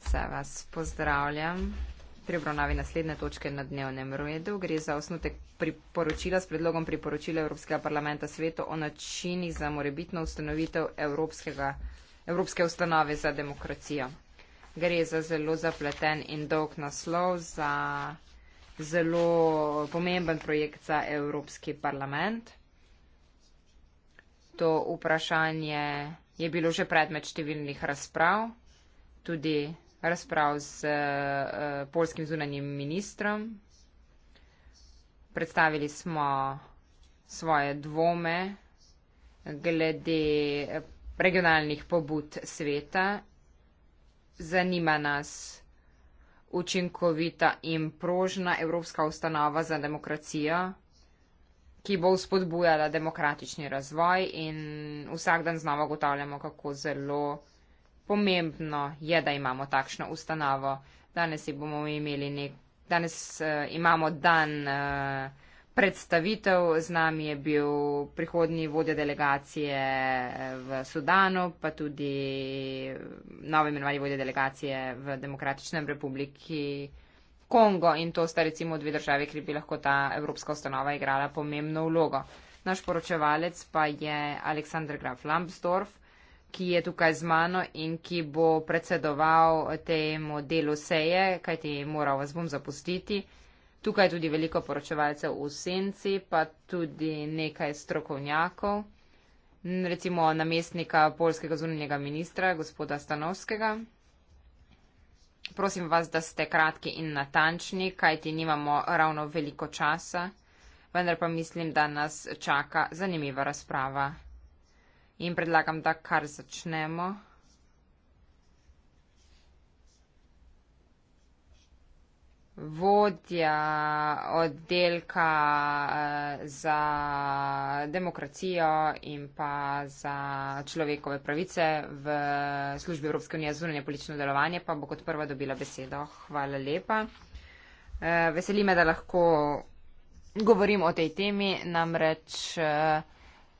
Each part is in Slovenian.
Vse vas pozdravljam. Pri obravnavi naslednje točke na dnevnem redu gre za osnutek priporočila s predlogom priporočila Evropskega parlamenta svetu o načinih za morebitno ustanovitev Evropske ustanove za demokracijo. Gre za zelo zapleten in dolg naslov, za zelo pomemben projekt za Evropski parlament. To vprašanje je bilo že predmet številnih razprav, tudi razprav z uh, eh, polskim zunanjim ministrom. Predstavili smo svoje dvome glede regionalnih pobud sveta. Zanima nas učinkovita in prožna Evropska ustanova za demokracijo ki bo spodbujala demokratični razvoj in vsak dan znova ugotavljamo, kako zelo pomembno je, da imamo takšno ustanovo. Danes, nek, danes uh, imamo dan uh, predstavitev, z nami je bil prihodnji vodja delegacije eh, v Sudanu, pa tudi novi imenovani vodja delegacije v Demokratičnem republiki. Kongo in to sta recimo dve države, kjer bi lahko ta evropska ustanova igrala pomembno vlogo. Naš poročevalec pa je Aleksandr Graf Lambsdorf, ki je tukaj z mano in ki bo predsedoval temu delu seje, kajti moral vas bom zapustiti. Tukaj je tudi veliko poročevalcev v senci, pa tudi nekaj strokovnjakov, recimo namestnika polskega zunanjega ministra, gospoda Stanovskega prosim vas, da ste kratki in natančni, kajti nimamo ravno veliko časa, vendar pa mislim, da nas čaka zanimiva razprava. In predlagam, da kar začnemo. vodja oddelka eh, za demokracijo in pa za človekove pravice v službi Evropske unije za zunanje politično delovanje, pa bo kot prva dobila besedo. Hvala lepa. Eh, veseli me, da lahko govorim o tej temi, namreč eh,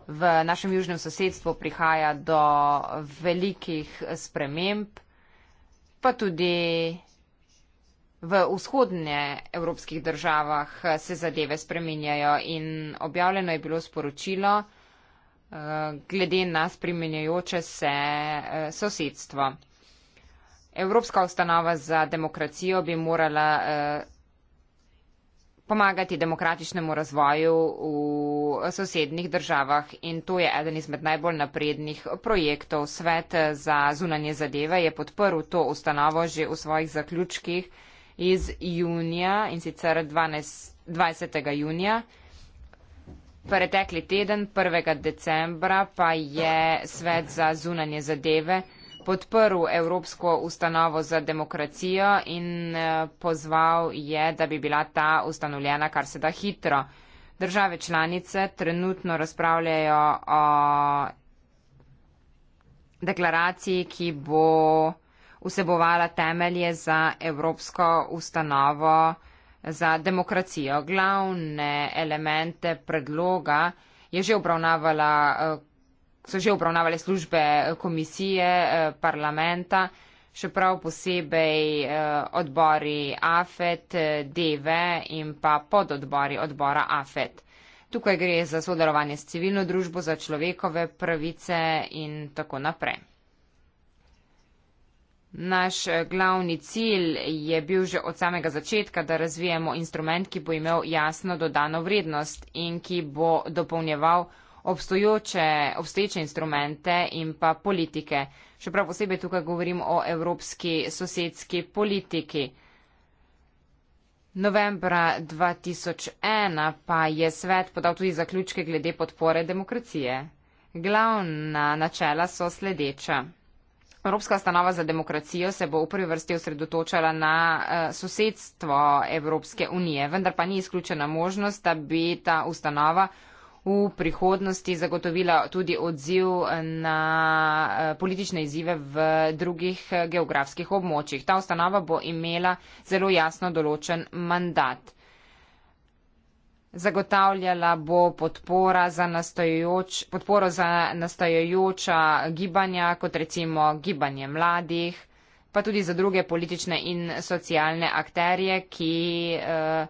v našem južnem sosedstvu prihaja do velikih sprememb, pa tudi V vzhodnje evropskih državah eh, se zadeve spreminjajo in objavljeno je bilo sporočilo eh, glede na spreminjajoče se eh, sosedstvo. Evropska ustanova za demokracijo bi morala pomagati demokratičnemu razvoju v sosednjih državah in to je eden izmed najbolj naprednih projektov. Svet za zunanje zadeve je podprl to ustanovo že v svojih zaključkih iz junija in sicer 12, 20. junija. Pretekli teden, 1. decembra, pa je Svet za zunanje zadeve podprl Evropsko ustanovo za demokracijo in eh, pozval je, da bi bila ta ustanovljena kar se da hitro. Države članice trenutno razpravljajo o deklaraciji, ki bo vsebovala temelje za Evropsko ustanovo za demokracijo. Glavne elemente predloga je že obravnavala, eh, so že obravnavale službe eh, komisije, eh, parlamenta, še prav posebej odbori AFET, DV in pa pododbori odbora AFET. Tukaj gre za sodelovanje s civilno družbo, za človekove pravice in tako naprej. Naš eh, glavni cilj je bil že od samega začetka, da razvijemo instrument, ki bo imel jasno dodano vrednost in ki bo dopolnjeval obstoječe instrumente in pa politike. Še prav posebej tukaj govorim o evropski sosedski politiki. Novembra 2001 pa je svet podal tudi zaključke glede podpore demokracije. Glavna načela so sledeča. Evropska stanova za demokracijo se bo v prvi vrsti osredotočala na eh, sosedstvo Evropske unije, vendar pa ni izključena možnost, da bi ta ustanova v prihodnosti zagotovila tudi odziv na eh, politične izzive v drugih eh, geografskih območjih. Ta ustanova bo imela zelo jasno določen mandat. Zagotavljala bo podpora za nastojoč, podporo za nastajajoča gibanja, kot recimo gibanje mladih, pa tudi za druge politične in socialne akterje, ki eh,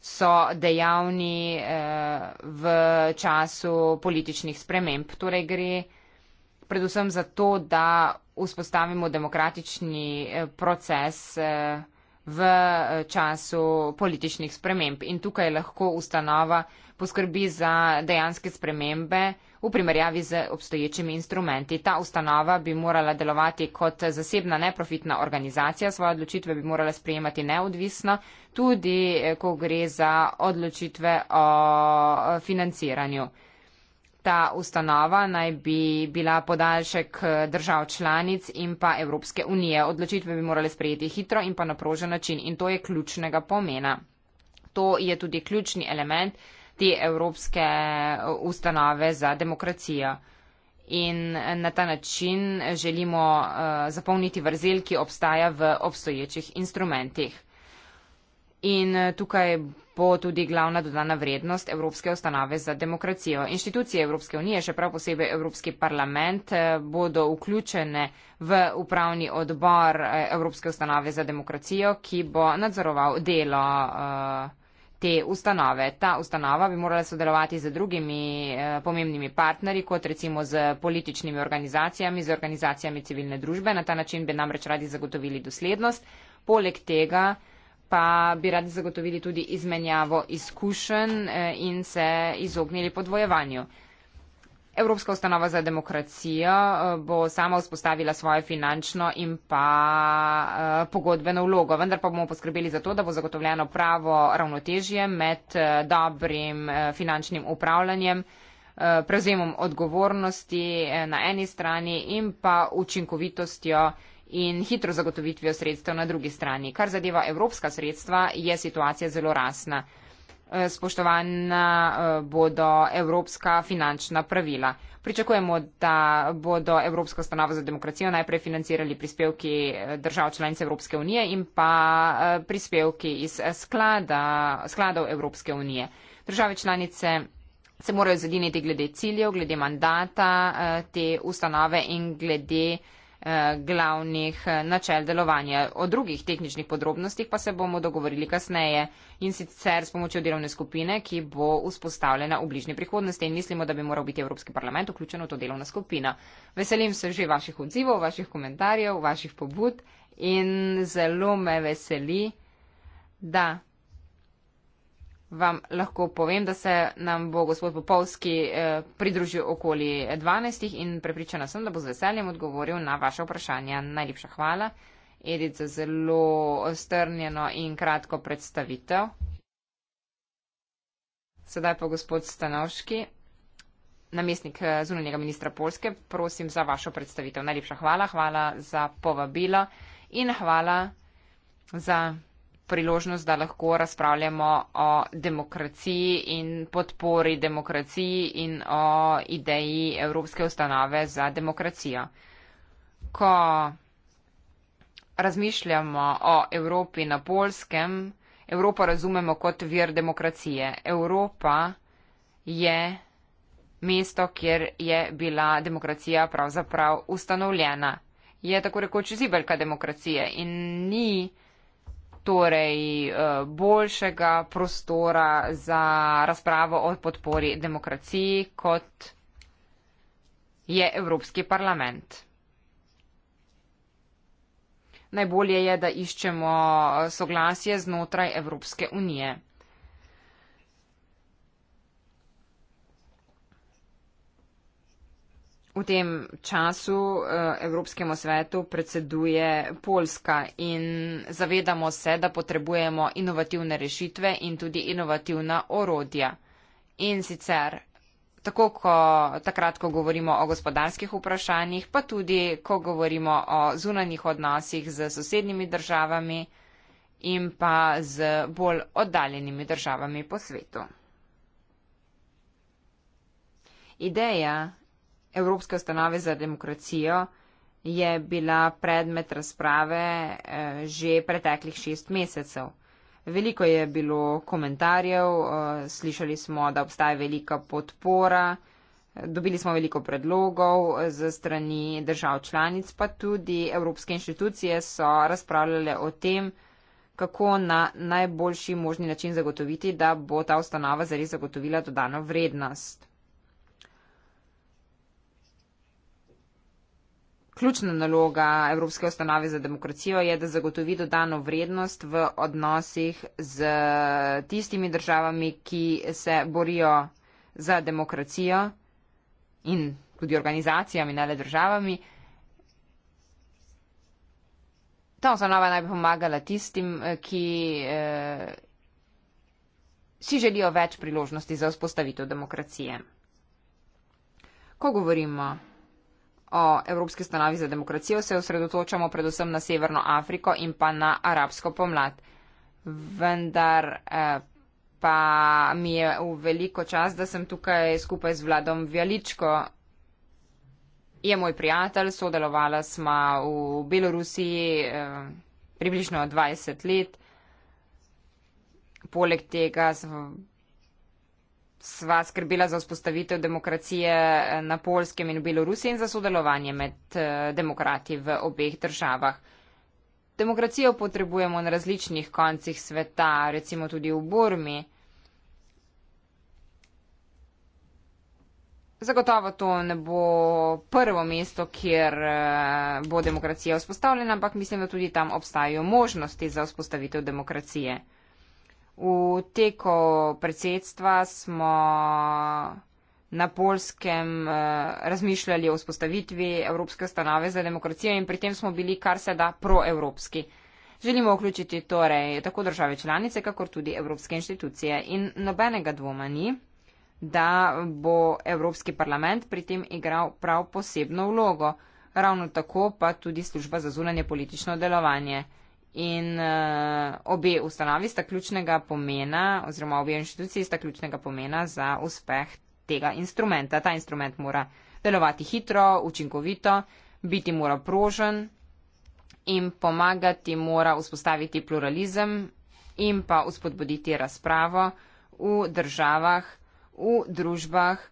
so dejavni eh, v času političnih sprememb. Torej gre predvsem za to, da vzpostavimo demokratični eh, proces. Eh, v eh, času političnih sprememb. In tukaj lahko ustanova poskrbi za dejanske spremembe v primerjavi z obstoječimi instrumenti. Ta ustanova bi morala delovati kot zasebna neprofitna organizacija, svoje odločitve bi morala sprejemati neodvisno, tudi eh, ko gre za odločitve o eh, financiranju. Ta ustanova naj bi bila podaljšek eh, držav članic in pa Evropske unije. Odločitve bi morali sprejeti hitro in pa na prožen način in to je ključnega pomena. To je tudi ključni element te Evropske eh, ustanove za demokracijo. In eh, na ta način želimo uh, zapolniti vrzel, ki obstaja v obstoječih instrumentih. In eh, tukaj bo tudi glavna dodana vrednost Evropske ustanove za demokracijo. Inštitucije Evropske unije, še prav posebej Evropski parlament, eh, bodo vključene v upravni odbor eh, Evropske ustanove za demokracijo, ki bo nadzoroval delo te ustanove. Ta ustanova bi morala sodelovati z drugimi pomembnimi partnerji, kot recimo z političnimi organizacijami, z organizacijami civilne družbe. Na ta način bi namreč radi zagotovili doslednost. Poleg tega, pa bi radi zagotovili tudi izmenjavo izkušenj eh, in se izognili podvojevanju. Evropska ustanova za demokracijo eh, bo sama vzpostavila svojo finančno in pa eh, pogodbeno vlogo, vendar pa bomo poskrbeli za to, da bo zagotovljeno pravo ravnotežje med dobrim finančnim upravljanjem, prevzemom odgovornosti na eni strani in pa učinkovitostjo in hitro zagotovitvijo sredstev na drugi strani. Kar zadeva evropska sredstva, je situacija zelo rasna. Eh, spoštovana eh, bodo evropska finančna pravila. Pričakujemo, da bodo Evropsko stanovo za demokracijo najprej financirali prispevki eh, držav članic Evropske unije in pa prispevki iz sklada, skladov Evropske unije. Države članice se morajo zadiniti glede ciljev, glede mandata te ustanove in glede uh, Eh, glavnih eh, načel delovanja. O drugih tehničnih podrobnostih pa se bomo dogovorili kasneje in sicer s pomočjo delovne skupine, ki bo vzpostavljena v bližnji prihodnosti in mislimo, da bi moral biti Evropski parlament vključen v to delovno skupino. Veselim se že vaših odzivov, vaših komentarjev, vaših pobud in zelo me veseli, da vam lahko povem, da se nam bo gospod Popovski eh, pridružil okoli 12. in prepričana sem, da bo z veseljem odgovoril na vaše vprašanja. Najlepša hvala, Edica, zelo strnjeno in kratko predstavitev. Sedaj pa gospod Stanovški, namestnik eh, zunanjega ministra Polske, prosim za vašo predstavitev. Najlepša hvala, hvala za povabilo in hvala za priložnost, da lahko razpravljamo o demokraciji in podpori demokraciji in o ideji Evropske ustanove za demokracijo. Ko razmišljamo o Evropi na polskem, Evropo razumemo kot vir demokracije. Evropa je mesto, kjer je bila demokracija pravzaprav ustanovljena. Je tako rekoč zibelka demokracije in ni torej eh, boljšega prostora za razpravo o podpori demokraciji, kot je Evropski parlament. Najbolje je, da iščemo soglasje znotraj Evropske unije. V tem času eh, Evropskemu svetu predseduje Poljska in zavedamo se, da potrebujemo inovativne rešitve in tudi inovativna orodja. In sicer, tako ko takrat, ko govorimo o gospodarskih vprašanjih, pa tudi, ko govorimo o zunanjih odnosih z sosednjimi državami in pa z bolj oddaljenimi državami po svetu. Ideja Evropske ustanove za demokracijo je bila predmet razprave eh, že preteklih šest mesecev. Veliko je bilo komentarjev, eh, slišali smo, da obstaja velika podpora, dobili smo veliko predlogov eh, za strani držav članic, pa tudi evropske inštitucije so razpravljale o tem, kako na najboljši možni način zagotoviti, da bo ta ustanova zares zagotovila dodano vrednost. Ključna naloga Evropske ustanove za demokracijo je, da zagotovi dodano vrednost v odnosih z tistimi državami, ki se borijo za demokracijo in tudi organizacijami, ne le državami. Ta ustanova naj bi pomagala tistim, ki eh, si želijo več priložnosti za vzpostavitev demokracije. Ko govorimo o Evropski stanovi za demokracijo se osredotočamo predvsem na Severno Afriko in pa na arabsko pomlad. Vendar eh, pa mi je v veliko čas, da sem tukaj skupaj z Vladom Vjaličko. Je moj prijatelj, sodelovala sva v Belorusiji eh, približno 20 let. Poleg tega sem sva skrbela za vzpostavitev demokracije eh, na Polskem in v Belorusiji in za sodelovanje med eh, demokrati v obeh državah. Demokracijo potrebujemo na različnih koncih sveta, recimo tudi v Burmi. Zagotovo to ne bo prvo mesto, kjer eh, bo demokracija vzpostavljena, ampak mislim, da tudi tam obstajajo možnosti za vzpostavitev demokracije. V teku predsedstva smo na polskem eh, razmišljali o vzpostavitvi Evropske ustanove za demokracijo in pri tem smo bili kar se da proevropski. Želimo vključiti torej tako države članice, kakor tudi evropske inštitucije in nobenega dvoma ni, da bo Evropski parlament pri tem igral prav posebno vlogo, ravno tako pa tudi služba za zunanje politično delovanje. In uh, obe ustanovi sta ključnega pomena, oziroma obe inštituciji sta ključnega pomena za uspeh tega instrumenta. Ta instrument mora delovati hitro, učinkovito, biti mora prožen in pomagati mora vzpostaviti pluralizem in pa uspodbuditi razpravo v državah, v družbah,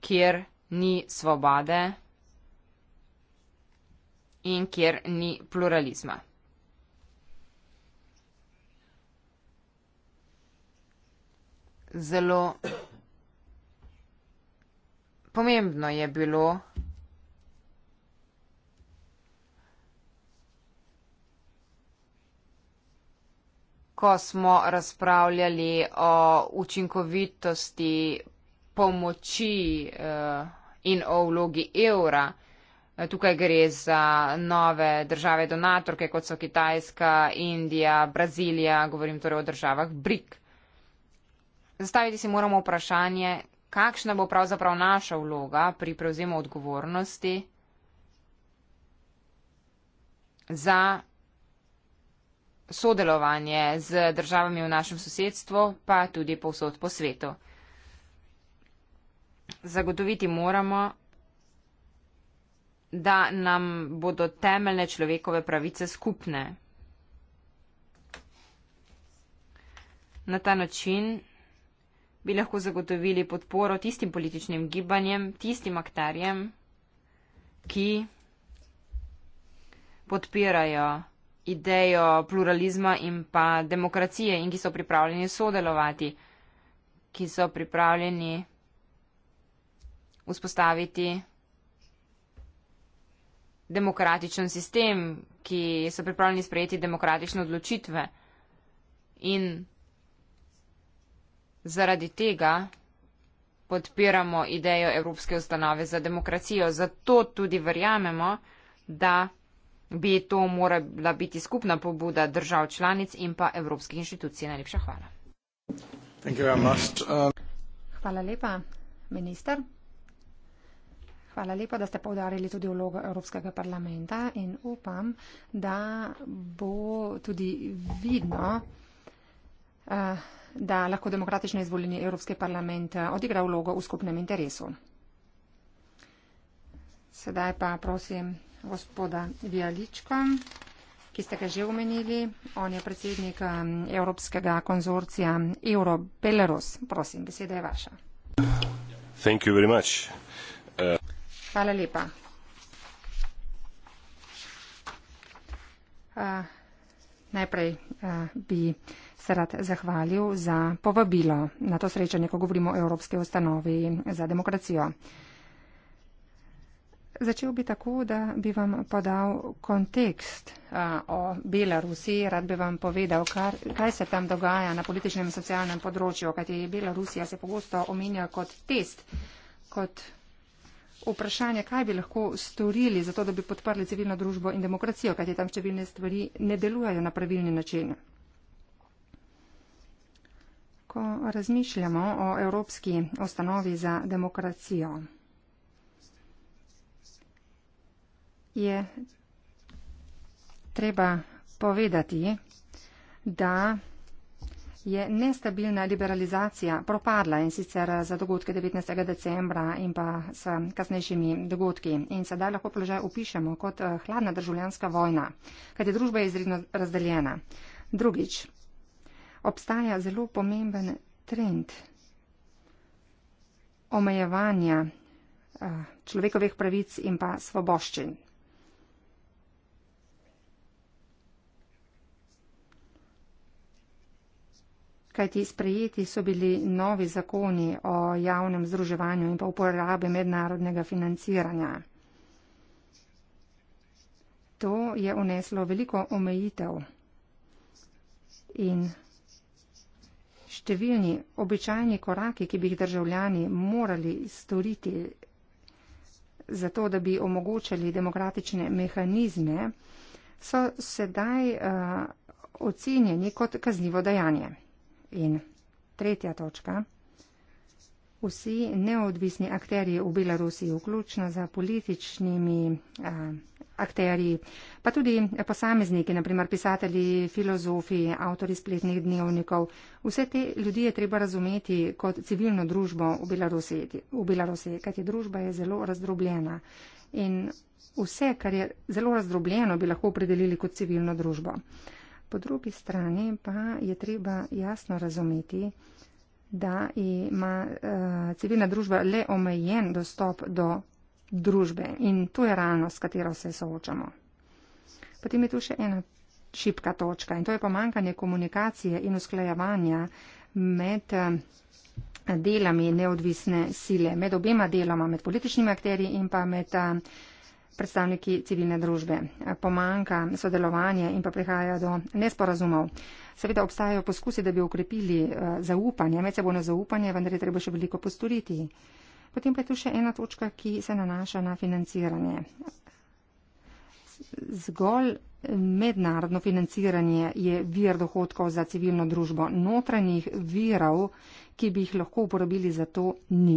kjer ni svobode in kjer ni pluralizma. zelo pomembno je bilo, ko smo razpravljali o učinkovitosti pomoči eh, in o vlogi evra. Eh, tukaj gre za nove države donatorke, kot so Kitajska, Indija, Brazilija, govorim torej o državah BRIC. Zastaviti si moramo vprašanje, kakšna bo pravzaprav naša vloga pri prevzemu odgovornosti za sodelovanje z državami v našem sosedstvu, pa tudi povsod po svetu. Zagotoviti moramo, da nam bodo temeljne človekove pravice skupne. Na ta način bi lahko zagotovili podporo tistim političnim gibanjem, tistim akterjem, ki podpirajo idejo pluralizma in pa demokracije in ki so pripravljeni sodelovati, ki so pripravljeni vzpostaviti demokratičen sistem, ki so pripravljeni sprejeti demokratične odločitve in Zaradi tega podpiramo idejo Evropske ustanove za demokracijo. Zato tudi verjamemo, da bi to morala biti skupna pobuda držav članic in pa evropskih inštitucij. Najlepša hvala. Uh, hvala lepa, minister. Hvala lepa, da ste povdarili tudi vlogo Evropskega parlamenta in upam, da bo tudi vidno. Uh, da lahko demokratično izvoljeni Evropski parlament eh, odigra vlogo v skupnem interesu. Sedaj pa prosim gospoda Vialička, ki ste ga že omenili. On je predsednik eh, Evropskega konzorcija Euro Belarus. Prosim, beseda je vaša. Thank you very much. Uh... Hvala lepa. Uh, najprej uh, bi se rad zahvalil za povabilo na to srečanje, ko govorimo o Evropske ustanovi za demokracijo. Začel bi tako, da bi vam podal kontekst a, o Belorusiji. Rad bi vam povedal, kar, kaj se tam dogaja na političnem in socialnem področju, kajti Belorusija se pogosto omenja kot test, kot vprašanje, kaj bi lahko storili za to, da bi podprli civilno družbo in demokracijo, kajti tam številne stvari ne delujejo na pravilni način ko razmišljamo o Evropski ustanovi za demokracijo, je treba povedati, da je nestabilna liberalizacija propadla in sicer za dogodke 19. decembra in pa s kasnejšimi dogodki. In sedaj lahko položaj opišemo kot eh, hladna državljanska vojna, kajti družba je izredno razdeljena. Drugič, obstaja zelo pomemben trend omejevanja eh, človekovih pravic in pa svoboščin. Kajti sprejeti so bili novi zakoni o javnem združevanju in pa uporabi mednarodnega financiranja. To je uneslo veliko omejitev in številni običajni koraki, ki bi jih državljani morali storiti za to, da bi omogočali demokratične mehanizme, so sedaj uh, ocenjeni kot kaznivo dejanje. In tretja točka vsi neodvisni akteri v Belorusiji, vključno z političnimi akteri, pa tudi posamezniki, naprimer pisatelji, filozofi, avtori spletnih dnevnikov. Vse te ljudi je treba razumeti kot civilno družbo v Belorusiji, Belorusi, kajti družba je zelo razdrobljena. In vse, kar je zelo razdrobljeno, bi lahko opredelili kot civilno družbo. Po drugi strani pa je treba jasno razumeti, da ima uh, civilna družba le omejen dostop do družbe in to je realnost, s katero se soočamo. Potem je tu še ena šipka točka in to je pomankanje komunikacije in usklajevanja med eh, delami neodvisne sile, med obema deloma, med političnimi akteri in pa med eh, predstavniki civilne družbe. Pomanka sodelovanje in pa prihaja do nesporazumov. Uh, Seveda obstajajo poskusi, da bi ukrepili eh, zaupanje, medsebojno zaupanje, vendar je treba še veliko postoriti. Potem pa je tu še ena točka, ki se nanaša na financiranje. Zgolj mednarodno financiranje je vir dohodkov za civilno družbo. Notranjih virov, ki bi jih lahko uporabili za to, ni.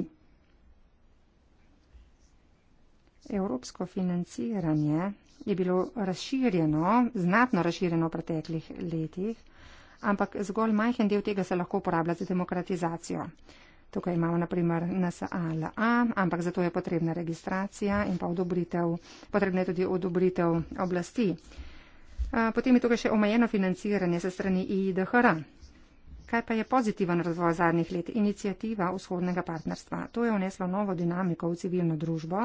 Evropsko financiranje je bilo razširjeno, znatno razširjeno v preteklih letih ampak zgolj majhen del tega se lahko uporablja za demokratizacijo. Tukaj imamo naprimer NSALA, ampak zato je potrebna registracija in pa odobritev, potrebna je tudi odobritev oblasti. Potem je tukaj še omejeno financiranje se strani IDHR. Kaj pa je pozitiven razvoj zadnjih let? Inicijativa vzhodnega partnerstva. To je vneslo novo dinamiko v civilno družbo.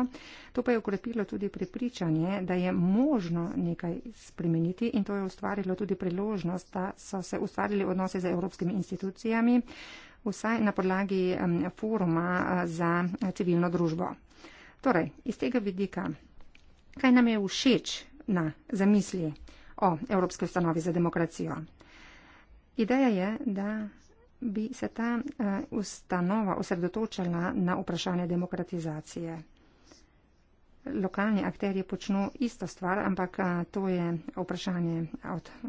To pa je ukrepilo tudi prepričanje, da je možno nekaj spremeniti in to je ustvarilo tudi priložnost, da so se ustvarili odnose z evropskimi institucijami, vsaj na podlagi foruma za civilno družbo. Torej, iz tega vidika, kaj nam je všeč na zamisli o Evropske ustanovi za demokracijo? Ideja je, da bi se ta eh, ustanova osredotočala na vprašanje demokratizacije. Lokalni akterji počnu isto stvar, ampak eh, to je vprašanje od eh,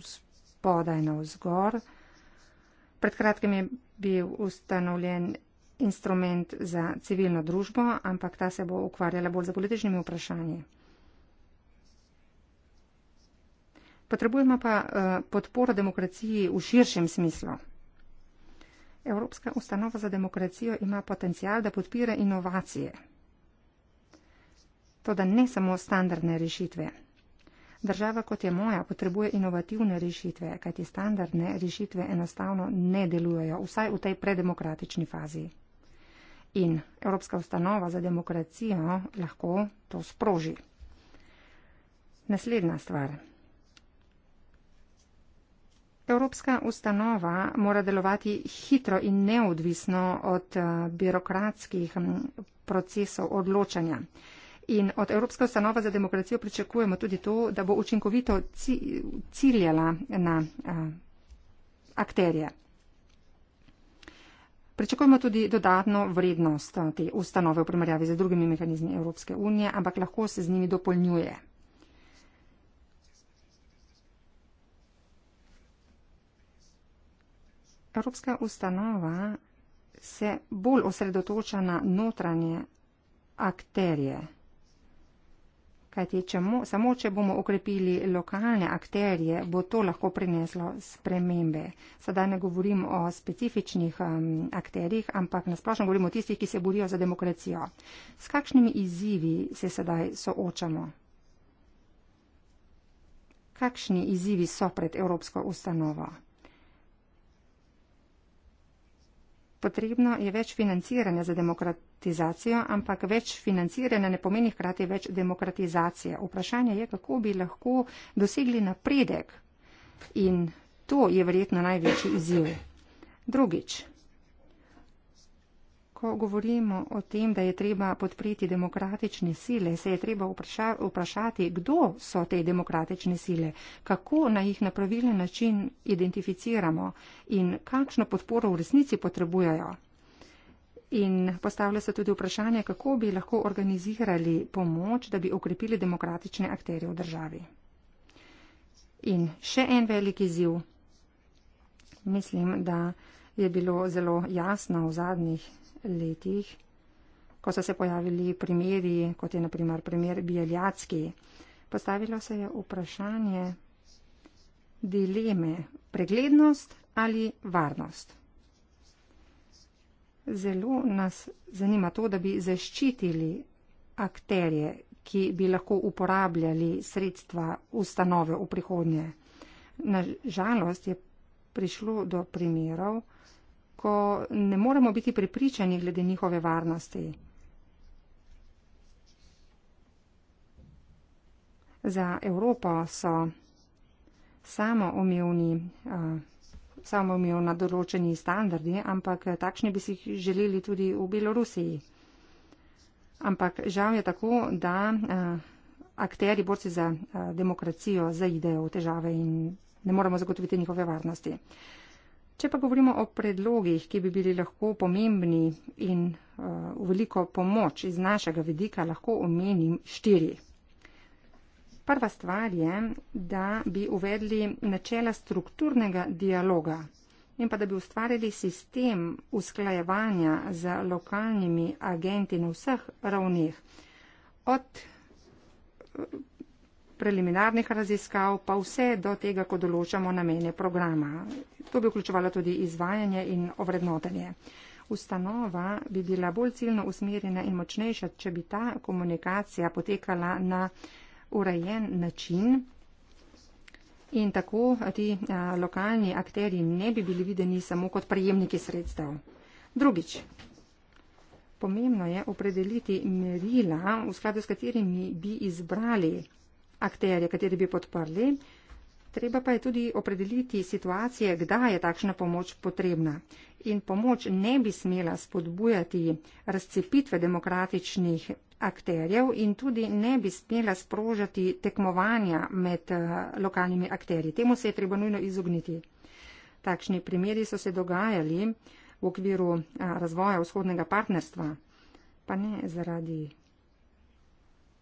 spodaj na vzgor. Pred kratkim je bil ustanovljen instrument za civilno družbo, ampak ta se bo ukvarjala bolj z političnimi vprašanji. Potrebujemo pa eh, podporo demokraciji v širšem smislu. Evropska ustanova za demokracijo ima potencial, da podpira inovacije. Toda ne samo standardne rešitve. Država kot je moja potrebuje inovativne rešitve, kajti standardne rešitve enostavno ne delujejo, vsaj v tej predemokratični fazi. In Evropska ustanova za demokracijo lahko to sproži. Naslednja stvar. Evropska ustanova mora delovati hitro in neodvisno od eh, birokratskih mm, procesov odločanja. In od Evropske ustanova za demokracijo pričakujemo tudi to, da bo učinkovito ciljala na eh, akterje. Pričakujemo tudi dodatno vrednost eh, te ustanove v primerjavi z drugimi mehanizmi Evropske unije, ampak lahko se z njimi dopolnjuje. Evropska ustanova se bolj osredotoča na notranje akterje. Kajti, če mo, samo če bomo okrepili lokalne akterje, bo to lahko prineslo spremembe. Sedaj ne govorim o specifičnih um, akterjih, ampak nasplošno govorim o tistih, ki se borijo za demokracijo. S kakšnimi izzivi se sedaj soočamo? Kakšni izzivi so pred Evropsko ustanovo? potrebno je več financiranja za demokratizacijo, ampak več financiranja ne pomeni hkrati več demokratizacije. Vprašanje je, kako bi lahko dosegli napredek. In to je verjetno največji izziv. Drugič, Ko govorimo o tem, da je treba podpreti demokratične sile, se je treba vprašati, kdo so te demokratične sile, kako na jih na pravilen način identificiramo in kakšno podporo v resnici potrebujejo. In postavlja se tudi vprašanje, kako bi lahko organizirali pomoč, da bi okrepili demokratične akterje v državi. In še en veliki ziv. Mislim, da je bilo zelo jasno v zadnjih letih, ko so se pojavili primeri, kot je naprimer primer Bijeljacki, postavilo se je vprašanje dileme preglednost ali varnost. Zelo nas zanima to, da bi zaščitili akterje, ki bi lahko uporabljali sredstva ustanove v prihodnje. Na žalost je prišlo do primerov, ko ne moremo biti pripričani glede njihove varnosti. Za Evropo so samoumevni uh, določeni standardi, ampak takšni bi si jih želeli tudi v Belorusiji. Ampak žal je tako, da uh, akteri borci za uh, demokracijo zaidejo v težave in ne moremo zagotoviti njihove varnosti. Uh, Če pa govorimo o predlogih, ki bi bili lahko pomembni in uh, veliko pomoč iz našega vidika, lahko omenim štiri. Prva stvar je, da bi uvedli načela strukturnega dialoga in pa da bi ustvarili sistem usklajevanja z lokalnimi agenti na vseh ravneh. Od preliminarnih raziskav, pa vse do tega, ko določamo namene programa. To bi vključovalo tudi izvajanje in ovrednotenje. Ustanova bi bila bolj ciljno usmerjena in močnejša, če bi ta komunikacija potekala na urejen način in tako ti a, lokalni akteri ne bi bili videni samo kot prejemniki sredstev. Drugič, pomembno je opredeliti merila, v skladu s katerimi bi izbrali akterje, kateri bi podprli. Treba pa je tudi opredeliti situacije, kdaj je takšna pomoč potrebna. In pomoč ne bi smela spodbujati razcepitve demokratičnih akterjev in tudi ne bi smela sprožati tekmovanja med eh, lokalnimi akterji. Temu se je treba nujno izogniti. Takšni primeri so se dogajali v okviru eh, razvoja vzhodnega partnerstva, pa ne zaradi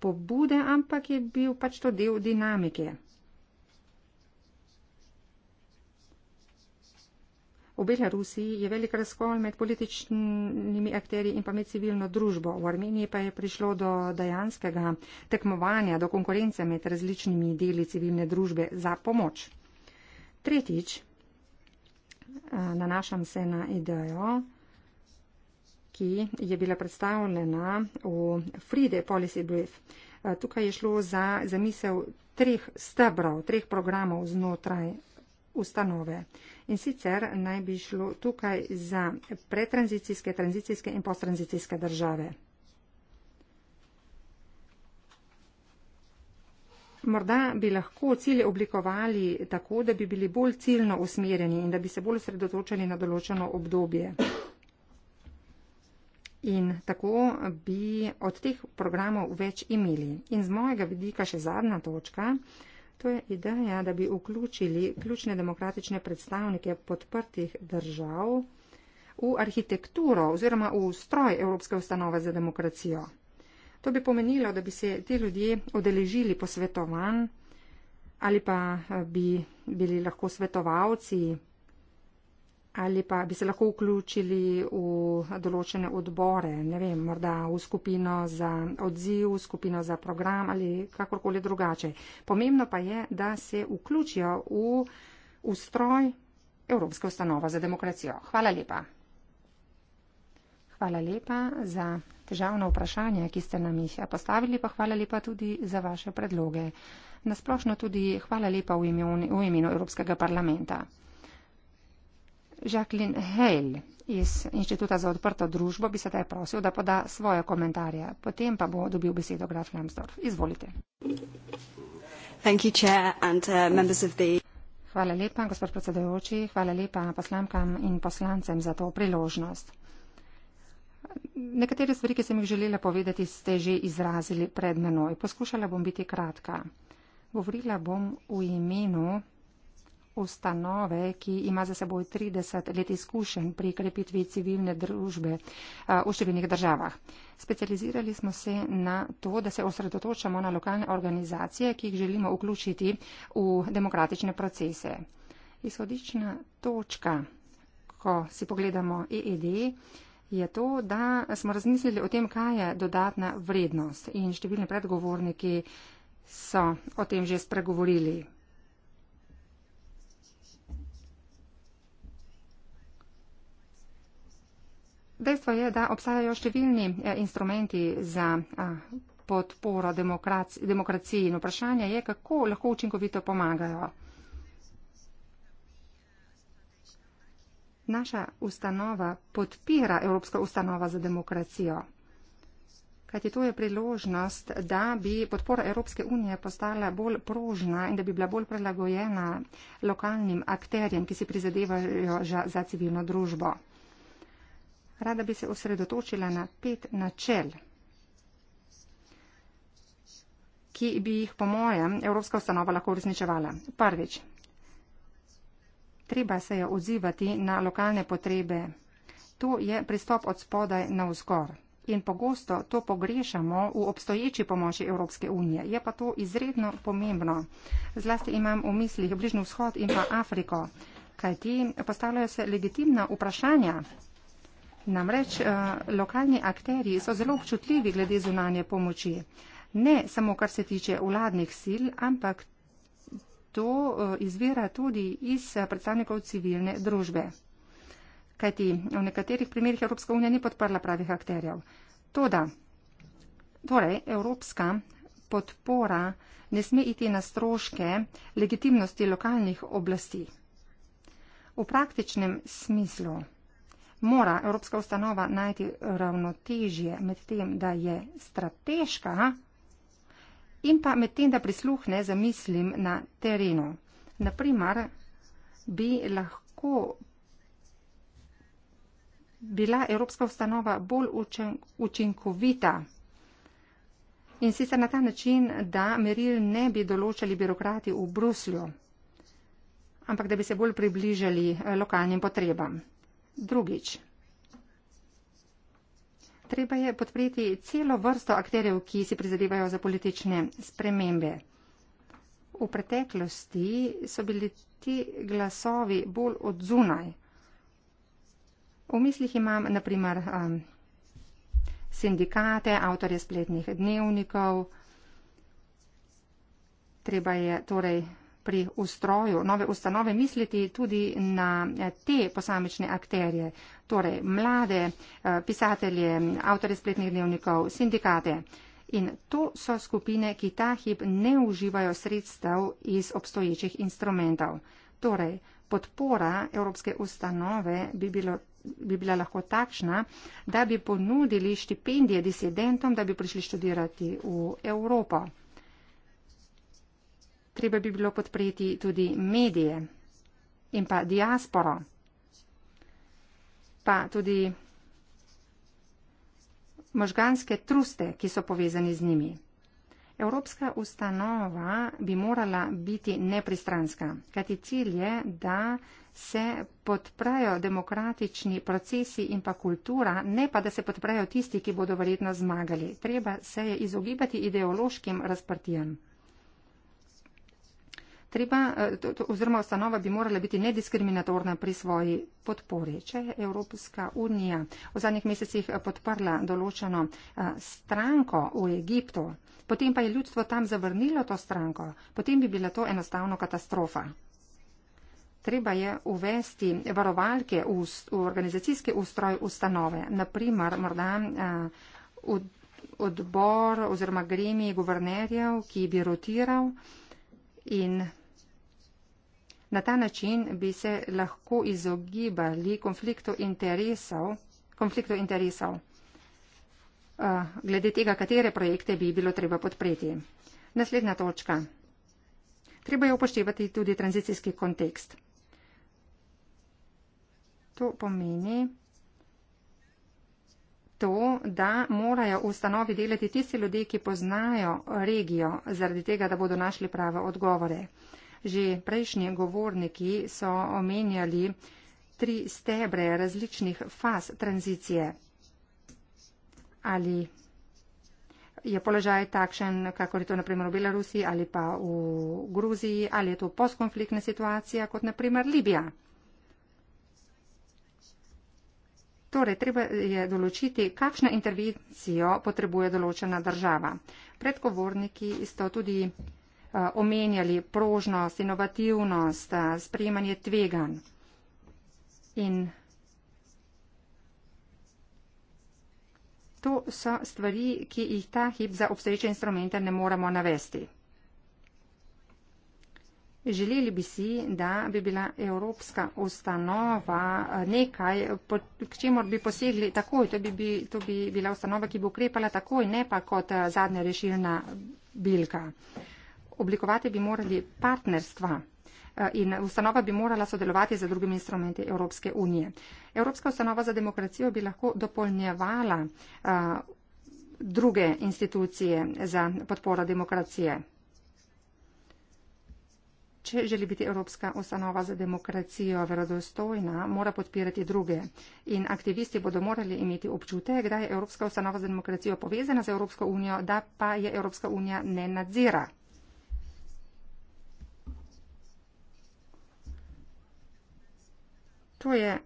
pobude, ampak je bil pač to del dinamike. V Belarusiji je velik razkol med političnimi akteri in pa med civilno družbo. V Armeniji pa je prišlo do dejanskega tekmovanja, do konkurence med različnimi deli civilne družbe za pomoč. Tretjič, nanašam se na idejo, ki je bila predstavljena v Friday Policy Brief. Eh, tukaj je šlo za zamisel treh stebrov, treh programov znotraj ustanove. In sicer naj bi šlo tukaj za pretranzicijske, tranzicijske in posttranzicijske države. Morda bi lahko cilje oblikovali tako, da bi bili bolj ciljno usmerjeni in da bi se bolj osredotočili na določeno obdobje. In tako bi od teh programov več imeli. In z mojega vidika še zadnja točka, to je ideja, da bi vključili ključne demokratične predstavnike podprtih držav v arhitekturo oziroma v stroj Evropske ustanove za demokracijo. To bi pomenilo, da bi se ti ljudje odeležili posvetovanj ali pa eh, bi bili lahko svetovalci ali pa bi se lahko vključili v določene odbore, ne vem, morda v skupino za odziv, skupino za program ali kakorkoli drugače. Pomembno pa je, da se vključijo v ustroj Evropske ustanova za demokracijo. Hvala lepa. Hvala lepa za težavno vprašanje, ki ste nam jih postavili, pa hvala lepa tudi za vaše predloge. Nasplošno tudi hvala lepa v imenu, v imenu Evropskega parlamenta. Žaklin Hale iz Inštituta za odprto družbo bi sedaj prosil, da poda svoje komentarje. Potem pa bo dobil besedo graf Lambsdorff. Izvolite. Uh, hvala lepa, gospod predsedojoči, hvala lepa poslankam in poslancem za to priložnost. Nekatere stvari, ki sem jih želela povedati, ste že izrazili pred menoj. Poskušala bom biti kratka. Govorila bom v imenu ustanove, ki ima za seboj 30 let izkušenj pri krepitvi civilne družbe v številnih državah. Specializirali smo se na to, da se osredotočamo na lokalne organizacije, ki jih želimo vključiti v demokratične procese. Izhodična točka, ko si pogledamo EED, je to, da smo razmislili o tem, kaj je dodatna vrednost in številni predgovorniki so o tem že spregovorili. Dejstvo je, da obstajajo številni eh, instrumenti za podporo demokraciji in vprašanje je, kako lahko učinkovito pomagajo. Naša ustanova podpira Evropska ustanova za demokracijo. Kajti to je priložnost, da bi podpora Evropske unije postala bolj prožna in da bi bila bolj prilagojena lokalnim akterjem, ki si prizadevajo za civilno družbo rada bi se osredotočila na pet načel, ki bi jih, po mojem, Evropska ustanova lahko uresničevala. Prvič, treba se je odzivati na lokalne potrebe. To je pristop od spodaj na vzgor. In pogosto to pogrešamo v obstoječi pomoči Evropske unije. Je pa to izredno pomembno. Zlasti imam v mislih Bližnji vzhod in pa Afriko, kajti postavljajo se legitimna vprašanja Namreč uh, lokalni akteri so zelo občutljivi glede zunanje pomoči. Ne samo kar se tiče vladnih sil, ampak to uh, izvira tudi iz eh, predstavnikov civilne družbe. Kajti v nekaterih primerjih Evropska unija ni podprla pravih akterjev. Toda, torej, Evropska podpora ne sme iti na stroške legitimnosti lokalnih oblasti. V praktičnem smislu mora Evropska ustanova najti ravnotežje med tem, da je strateška in pa med tem, da prisluhne za mislim na terenu. Naprimer, bi lahko bila Evropska ustanova bolj učinkovita. In sicer na ta način, da meril ne bi določali birokrati v Bruslju, ampak da bi se bolj približali eh, lokalnim potrebam. Drugič. Treba je podpreti celo vrsto akterjev, ki si prizadevajo za politične spremembe. V preteklosti so bili ti glasovi bolj odzunaj. V mislih imam naprimer um, sindikate, avtorje spletnih dnevnikov. Treba je torej pri ustroju nove ustanove misliti tudi na eh, te posamične akterje, torej mlade, eh, pisatelje, avtore spletnih dnevnikov, sindikate. In to so skupine, ki ta hip ne uživajo sredstev iz obstoječih instrumentov. Torej, podpora Evropske ustanove bi, bilo, bi bila lahko takšna, da bi ponudili štipendije disidentom, da bi prišli študirati v Evropo treba bi bilo podpreti tudi medije in pa diasporo, pa tudi možganske truste, ki so povezani z njimi. Evropska ustanova bi morala biti nepristranska, kajti cilj je, da se podprajo demokratični procesi in pa kultura, ne pa, da se podprajo tisti, ki bodo verjetno zmagali. Treba se je izogibati ideološkim razprtijam treba, eh, oziroma ustanova bi morala biti nediskriminatorna pri svoji podpori. Če je Evropska unija v zadnjih mesecih eh, podprla določeno eh, stranko v Egiptu, potem pa je ljudstvo tam zavrnilo to stranko, potem bi bila to enostavno katastrofa. Treba je uvesti varovalke v, v organizacijski ustroj ustanove, naprimer morda odbor oziroma gremi guvernerjev, ki bi rotiral In na ta način bi se lahko izogibali konfliktu interesov. Konfliktu interesov. Eh, glede tega, katere projekte bi bilo treba podpreti. Naslednja točka. Treba je upoštevati tudi tranzicijski kontekst. To pomeni, to, da morajo v ustanovi delati tisti ljudje, ki poznajo regijo, zaradi tega, da bodo našli prave odgovore. Že prejšnji govorniki so omenjali tri stebre različnih faz tranzicije. Ali je položaj takšen, kakor je to naprimer v Belorusiji ali pa v Gruziji, ali je to postkonfliktna situacija kot naprimer Libija. Torej, treba je določiti, kakšno intervencijo potrebuje določena država. Predgovorniki so tudi eh, omenjali prožnost, inovativnost, eh, sprejemanje tvegan. In to so stvari, ki jih ta hip za obstoječe instrumente ne moremo navesti. Želeli bi si, da bi bila evropska ustanova eh, nekaj, k čemor bi posegli takoj. To bi, bi, to bi bila ustanova, ki bi ukrepala takoj, ne pa kot eh, zadnja rešilna bilka. Oblikovati bi morali partnerstva eh, in ustanova bi morala sodelovati z drugimi instrumenti Evropske unije. Evropska ustanova za demokracijo bi lahko dopolnjevala druge institucije za podporo demokracije. Če želi biti Evropska ustanova za demokracijo verodostojna, mora podpirati druge. In aktivisti bodo morali imeti občutek, da je Evropska ustanova za demokracijo povezana z Evropsko unijo, da pa je Evropska unija ne nadzira. To je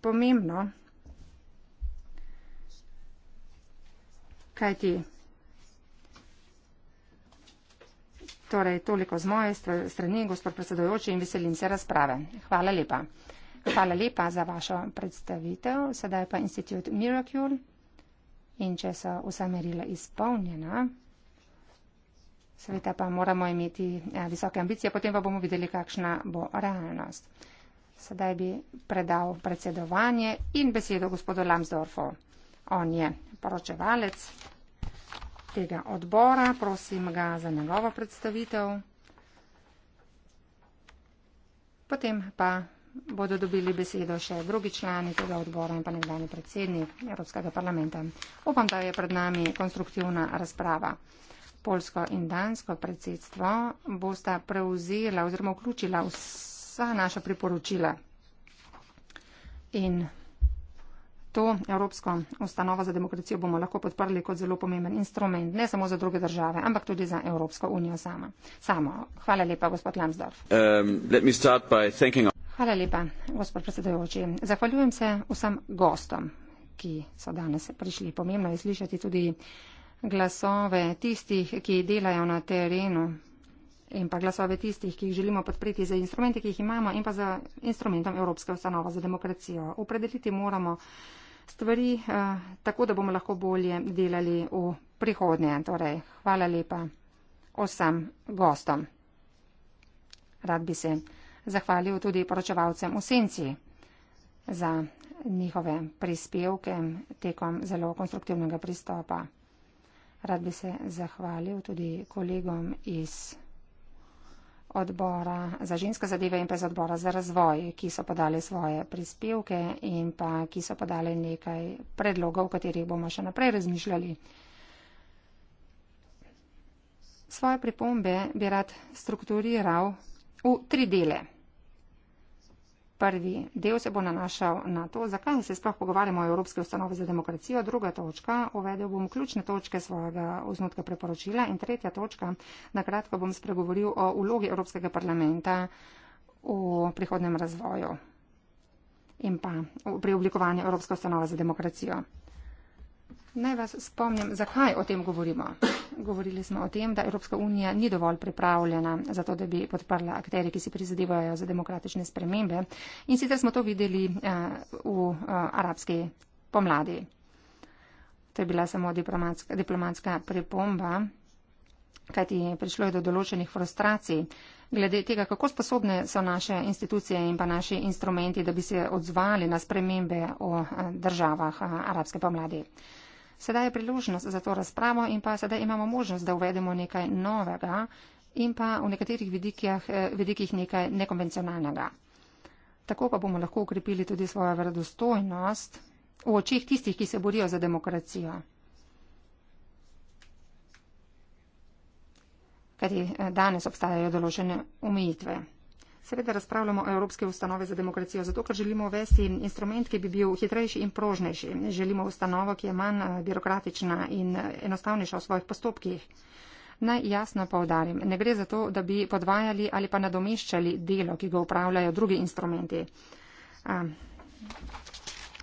pomembno, kaj ti Torej, toliko z moje strani, gospod predsedojoči, in veselim se razprave. Hvala lepa. Hvala lepa za vašo predstavitev. Sedaj pa Institut Miracle. In če so vsa merila izpolnjena, seveda pa moramo imeti eh, visoke ambicije, potem pa bomo videli, kakšna bo realnost. Sedaj bi predal predsedovanje in besedo gospodu Lamsdorfu. On je poročevalec tega odbora. Prosim ga za njegovo predstavitev. Potem pa bodo dobili besedo še drugi člani tega odbora in pa nekdani predsednik Evropskega parlamenta. Upam, da je pred nami konstruktivna razprava. Polsko in dansko predsedstvo bosta prevzela oziroma vključila vsa naša priporočila. In to Evropsko ustanovo za demokracijo bomo lahko podprli kot zelo pomemben instrument, ne samo za druge države, ampak tudi za Evropsko unijo sama. Samo. Hvala lepa, gospod Lambsdorff. Um, Hvala lepa, gospod predsedojoči. Zahvaljujem se vsem gostom, ki so danes prišli. Pomembno je slišati tudi glasove tistih, ki delajo na terenu in pa glasove tistih, ki jih želimo podpreti za instrumente, ki jih imamo in pa za instrumentom Evropske ustanova za demokracijo. Opredeliti moramo stvari, eh, tako da bomo lahko bolje delali v prihodnje. Torej, hvala lepa vsem gostom. Rad bi se zahvalil tudi poročevalcem v Senci za njihove prispevke tekom zelo konstruktivnega pristopa. Rad bi se zahvalil tudi kolegom iz odbora za ženske zadeve in pa iz odbora za razvoj, ki so podali svoje prispevke in pa ki so podali nekaj predlogov, o katerih bomo še naprej razmišljali. Svoje pripombe bi rad strukturiral v tri dele. Prvi del se bo nanašal na to, zakaj se sploh pogovarjamo o Evropski ustanovi za demokracijo. Druga točka, uvedel bom ključne točke svojega oznotka preporočila. In tretja točka, nakratko bom spregovoril o ulogi Evropskega parlamenta v prihodnem razvoju in pa pri oblikovanju Evropske ustanove za demokracijo. Naj vas spomnim, zakaj o tem govorimo. Govorili smo o tem, da Evropska unija ni dovolj pripravljena za to, da bi podprla akterje, ki si prizadevajo za demokratične spremembe. In sicer smo to videli uh, v uh, arabski pomladi. To je bila samo diplomatska, diplomatska pripomba, kajti prišlo je do določenih frustracij glede tega, kako sposobne so naše institucije in pa naši instrumenti, da bi se odzvali na spremembe v uh, eh, državah uh, arabske pomladi. Sedaj je priložnost za to razpravo in pa sedaj imamo možnost, da uvedemo nekaj novega in pa v nekaterih vidikih, eh, vidikih nekaj nekonvencionalnega. Tako pa bomo lahko ukrepili tudi svojo verodostojnost v očih tistih, ki se borijo za demokracijo. Kajti eh, danes obstajajo določene umitve. Seveda razpravljamo o Evropske ustanove za demokracijo, zato ker želimo vesti instrument, ki bi bil hitrejši in prožnejši. Želimo ustanovo, ki je manj eh, birokratična in eh, enostavnejša v svojih postopkih. Naj jasno povdarim, ne gre za to, da bi podvajali ali pa nadomeščali delo, ki ga upravljajo drugi instrumenti. Um,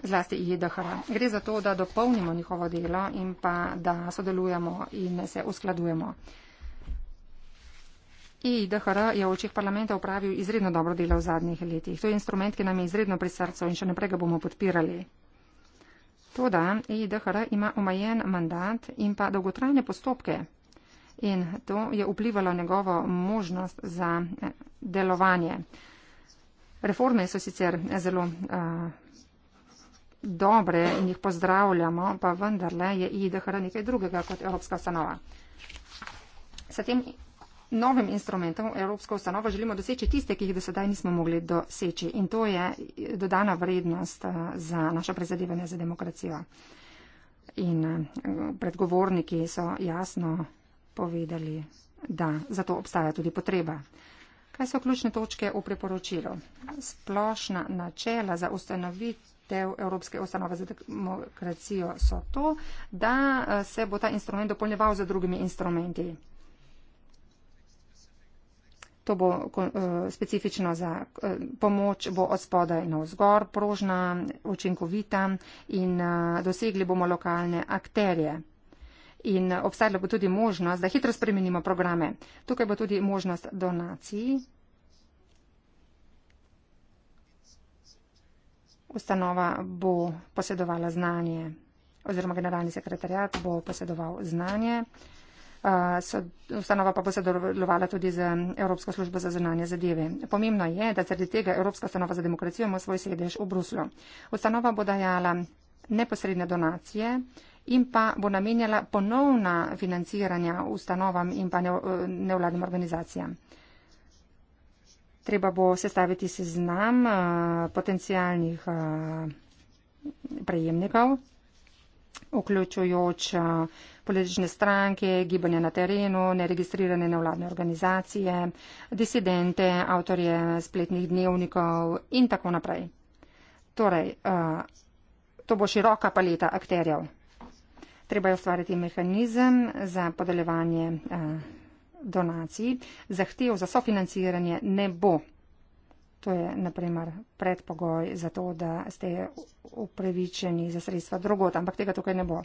zlasti IDHR. Gre za to, da dopolnimo njihovo delo in pa da sodelujemo in se uskladujemo. IIDHR je v očeh parlamenta upravil izredno dobro delo v zadnjih letih. To je instrument, ki nam je izredno pri srcu in še naprej ga bomo podpirali. To, da IIDHR ima omajen mandat in pa dolgotrajne postopke in to je vplivalo njegovo možnost za eh, delovanje. Reforme so sicer eh, zelo uh, dobre in jih pozdravljamo, pa vendarle je IIDHR nekaj drugega kot Evropska ustanova. S tem novim instrumentom Evropsko ustanovo želimo doseči tiste, ki jih do sedaj nismo mogli doseči. In to je dodana vrednost eh, za naše prizadevanje za demokracijo. In eh, predgovorniki so jasno povedali, da za to obstaja tudi potreba. Kaj so ključne točke v priporočilu? Splošna načela za ustanovitev Evropske ustanove za demokracijo so to, da eh, se bo ta instrument dopolnjeval z drugimi instrumenti. To bo eh, specifično za eh, pomoč, bo od spoda in od zgor prožna, učinkovita in eh, dosegli bomo lokalne akterje. In obstajala bo tudi možnost, da hitro spremenimo programe. Tukaj bo tudi možnost donacij. Ustanova bo posedovala znanje oziroma generalni sekretarjat bo posedoval znanje. Eh, ustanova pa bo sodelovala tudi z Evropsko službo za zunanje zadeve. Pomembno je, da zaradi tega Evropska ustanova za demokracijo ima svoj sedež v Bruslu. Ustanova bo dajala neposredne donacije in pa bo namenjala ponovna financiranja ustanovam in pa eh, nevladnim organizacijam. Treba bo sestaviti seznam eh, potencijalnih prejemnikov, vključujoč politične stranke, gibanje na terenu, neregistrirane nevladne organizacije, disidente, avtorje spletnih dnevnikov in tako naprej. Torej, eh, to bo široka paleta akterjev. Treba je ustvariti mehanizem za podeljevanje eh, donacij. Zahtev za sofinanciranje ne bo. To je, naprimer, predpogoj za to, da ste upravičeni za sredstva drugot, ampak tega tukaj ne bo. Uh,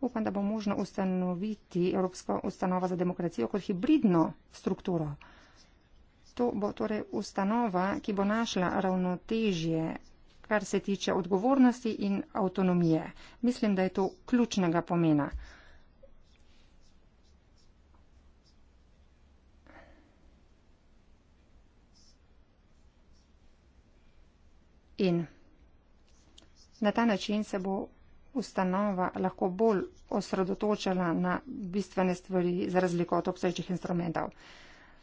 upam, da bo možno ustanoviti Evropsko ustanova za demokracijo kot hibridno strukturo. To bo torej ustanova, ki bo našla ravnotežje, kar se tiče odgovornosti in avtonomije. Mislim, da je to ključnega pomena. In na ta način se bo ustanova lahko bolj osredotočila na bistvene stvari za razliko od obstoječih instrumentov.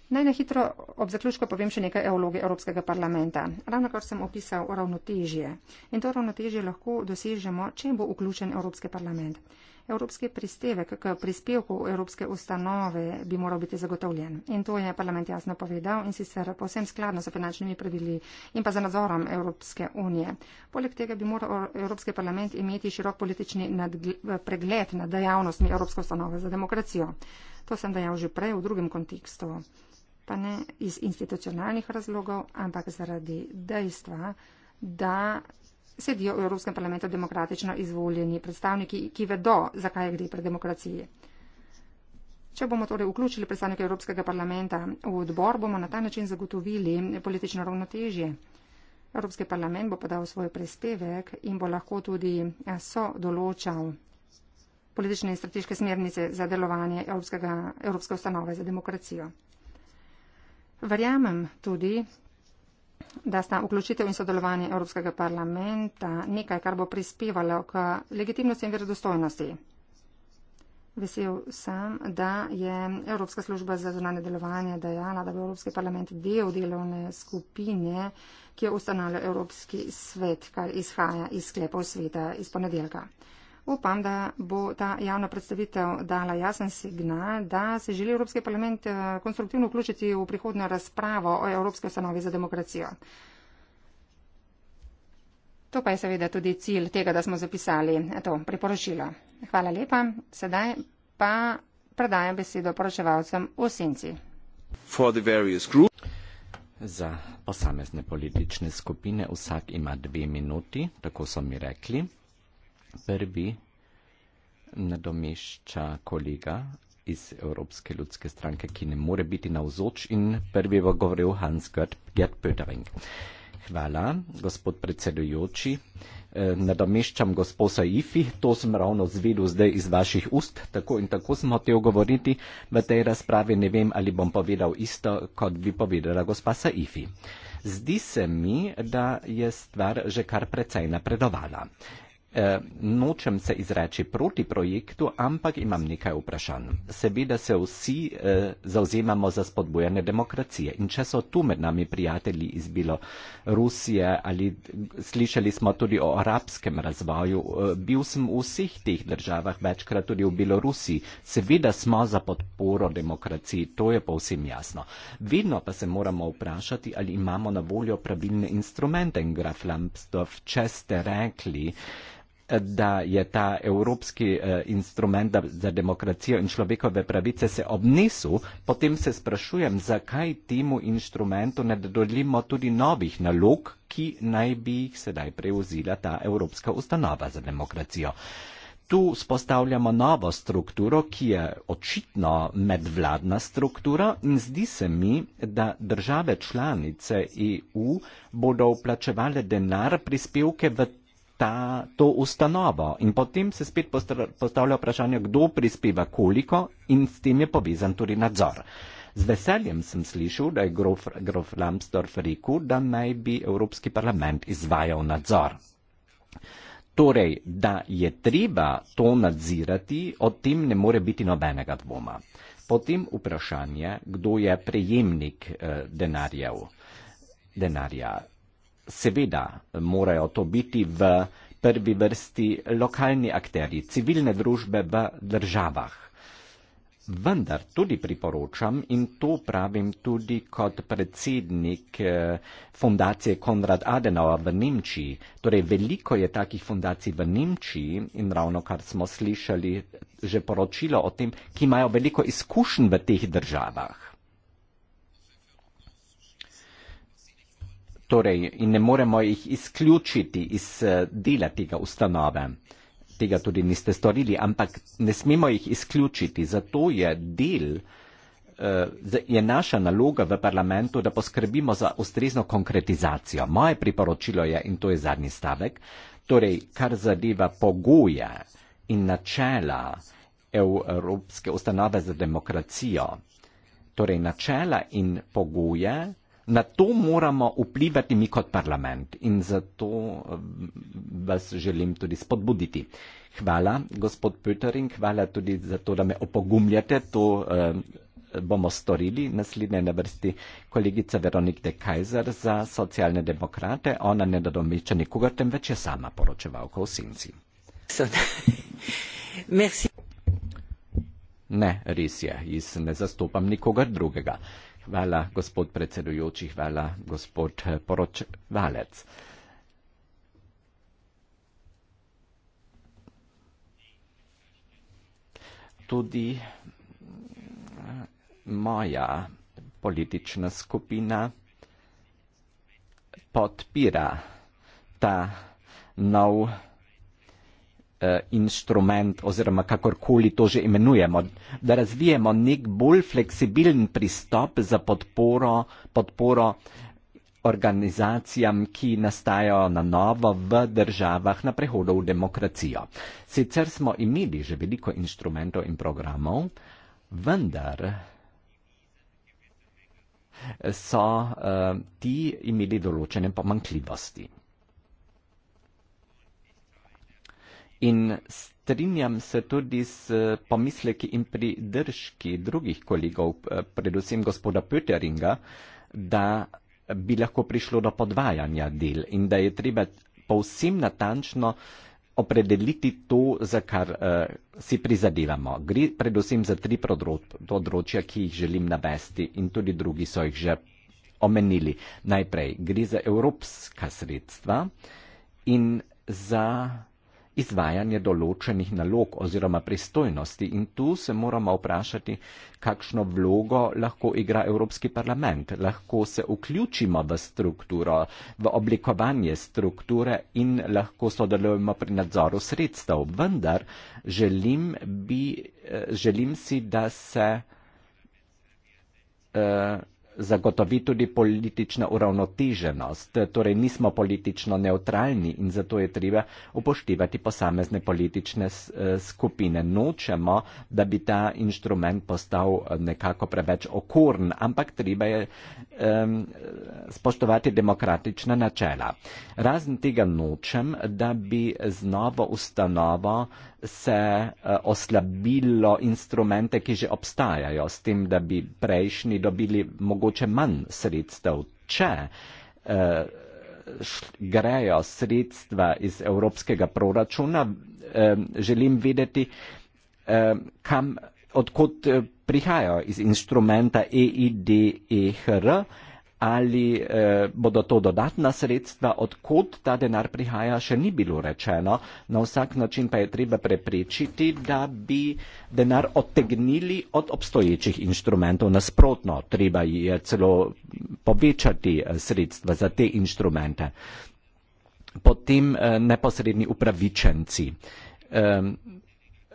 Naj na hitro ob zaključku povem še nekaj o vlogi Evropskega parlamenta. Ravno kar sem opisal ravnotežje. In to ravnotežje lahko dosežemo, če bo vključen Evropski parlament evropski pristevek k prispevku evropske ustanove bi moral biti zagotovljen. In to je parlament jasno povedal in sicer posem skladno s finančnimi pravili in pa za nadzorom Evropske unije. Poleg tega bi moral Evropski parlament imeti širok politični pregled nad dejavnostmi Evropske ustanove za demokracijo. To sem dejal že prej v drugem kontekstu, pa ne iz institucionalnih razlogov, ampak zaradi dejstva, da sedijo v Evropskem parlamentu demokratično izvoljeni predstavniki, ki vedo, zakaj gre pred demokracijo. Če bomo torej vključili predstavnike Evropskega parlamenta v odbor, bomo na ta način zagotovili politično ravnotežje. Evropski parlament bo podal svoj prispevek in bo lahko tudi so določal politične in strateške smernice za delovanje Evropske ustanove za demokracijo. Verjamem tudi, da sta vključitev in sodelovanje Evropskega parlamenta nekaj, kar bo prispevalo k legitimnosti in verodostojnosti. Vesel sem, da je Evropska služba za zunanje delovanje dejala, da bo Evropski parlament del delovne skupine, ki jo ustanavlja Evropski svet, kar izhaja iz sklepov sveta iz ponedeljka. Upam, da bo ta javna predstavitev dala jasen signal, da se želi Evropski parlament eh, konstruktivno vključiti v prihodnjo razpravo o Evropske ustanovi za demokracijo. To pa je seveda tudi cilj tega, da smo zapisali to priporočilo. Hvala lepa. Sedaj pa predajam besedo poročevalcem v senci. Za posamezne politične skupine vsak ima dve minuti, tako so mi rekli prvi nadomešča kolega iz Evropske ljudske stranke, ki ne more biti navzoč in prvi bo govoril Hans Gert Pödering. Hvala, gospod predsedujoči. E, nadomeščam gospoda Ifi, to sem ravno zvedel zdaj iz vaših ust, tako in tako sem hotel govoriti v tej razpravi, ne vem, ali bom povedal isto, kot bi povedala gospa Saifi. Zdi se mi, da je stvar že kar precej napredovala eh, nočem se izreči proti projektu, ampak imam nekaj vprašanj. Seveda se vsi eh, zauzemamo za spodbujanje demokracije in če so tu med nami prijatelji iz bilo Rusije ali slišali smo tudi o arabskem razvoju, eh, bil sem v vseh teh državah večkrat tudi v Belorusiji, seveda smo za podporo demokraciji, to je povsem jasno. Vedno pa se moramo vprašati, ali imamo na voljo pravilne instrumente in graf Lambstov, če ste rekli, da je ta evropski eh, instrument za demokracijo in človekove pravice se obnesel, potem se sprašujem, zakaj temu instrumentu ne dodelimo tudi novih nalog, ki naj bi jih sedaj prevzela ta Evropska ustanova za demokracijo. Tu spostavljamo novo strukturo, ki je očitno medvladna struktura in zdi se mi, da države članice EU bodo vplačevale denar prispevke v ta, to ustanovo. In potem se spet postavlja vprašanje, kdo prispeva koliko in s tem je povezan tudi nadzor. Z veseljem sem slišal, da je grof, grof Lambsdorff rekel, da naj bi Evropski parlament izvajal nadzor. Torej, da je treba to nadzirati, o tem ne more biti nobenega dvoma. Potem vprašanje, kdo je prejemnik eh, denarjev, denarja seveda morajo to biti v prvi vrsti lokalni akteri, civilne družbe v državah. Vendar tudi priporočam in to pravim tudi kot predsednik eh, fundacije Konrad Adenauer v Nemčiji. Torej, veliko je takih fundacij v Nemčiji in ravno kar smo slišali že poročilo o tem, ki imajo veliko izkušenj v teh državah. torej in ne moremo jih izključiti iz eh, dela tega ustanove. Tega tudi niste storili, ampak ne smemo jih izključiti. Zato je del, eh, je naša naloga v parlamentu, da poskrbimo za ustrezno konkretizacijo. Moje priporočilo je, in to je zadnji stavek, torej kar zadeva pogoje in načela Evropske ustanove za demokracijo. Torej načela in pogoje Na to moramo vplivati mi kot parlament in zato mm, vas želim tudi spodbuditi. Hvala, gospod Pötering, hvala tudi za to, da me opogumljate. To eh, bomo storili. Naslednja na vrsti kolegica Veronik de Kajzer za socialne demokrate. Ona ne nadomeča nikogar, temveč je sama poročevalka v senci. Ne, res je, jaz ne zastopam nikogar drugega. Hvala, gospod predsedujoči, hvala, gospod eh, poročevalec. Tudi eh, moja politična skupina podpira ta nov Eh, instrument oziroma kakorkoli to že imenujemo, da razvijemo nek bolj fleksibilen pristop za podporo, podporo organizacijam, ki nastajajo na novo v državah na prehodu v demokracijo. Sicer smo imeli že veliko instrumentov in programov, vendar so uh, ti imeli določene pomankljivosti. In strinjam se tudi s eh, pomisleki in pridržki drugih kolegov, eh, predvsem gospoda Pöteringa, da bi lahko prišlo do podvajanja del in da je treba povsem natančno opredeliti to, za kar uh, si prizadevamo. Gre predvsem za tri področja, ki jih želim navesti in tudi drugi so jih že omenili. Najprej gre za evropska sredstva in za izvajanje določenih nalog oziroma pristojnosti. In tu se moramo vprašati, kakšno vlogo lahko igra Evropski parlament. Lahko se vključimo v strukturo, v oblikovanje strukture in lahko sodelujemo pri nadzoru sredstev. Vendar želim, bi, eh, želim si, da se. Uh, zagotovi tudi politično uravnoteženost, torej nismo politično neutralni in zato je treba upoštevati posamezne politične eh, skupine. Nočemo, da bi ta inštrument postal eh, nekako preveč okorn, ampak treba je um, spoštovati demokratična načela. Razen tega nočem, da bi z novo ustanovo se eh, oslabilo instrumente, ki že obstajajo, s tem, da bi prejšnji dobili mogoče mogoče manj sredstev, če eh, grejo sredstva iz evropskega proračuna, eh, želim vedeti, ehm, eh, kam, odkot prihajajo iz instrumenta EIDEHR. Eh, ali eh, bodo to dodatna sredstva, odkot ta denar prihaja, še ni bilo rečeno. Na vsak način pa je treba preprečiti, da bi denar otegnili od obstoječih inštrumentov. Nasprotno, treba je celo povečati eh, sredstva za te inštrumente. Potem eh, neposredni upravičenci. Eh,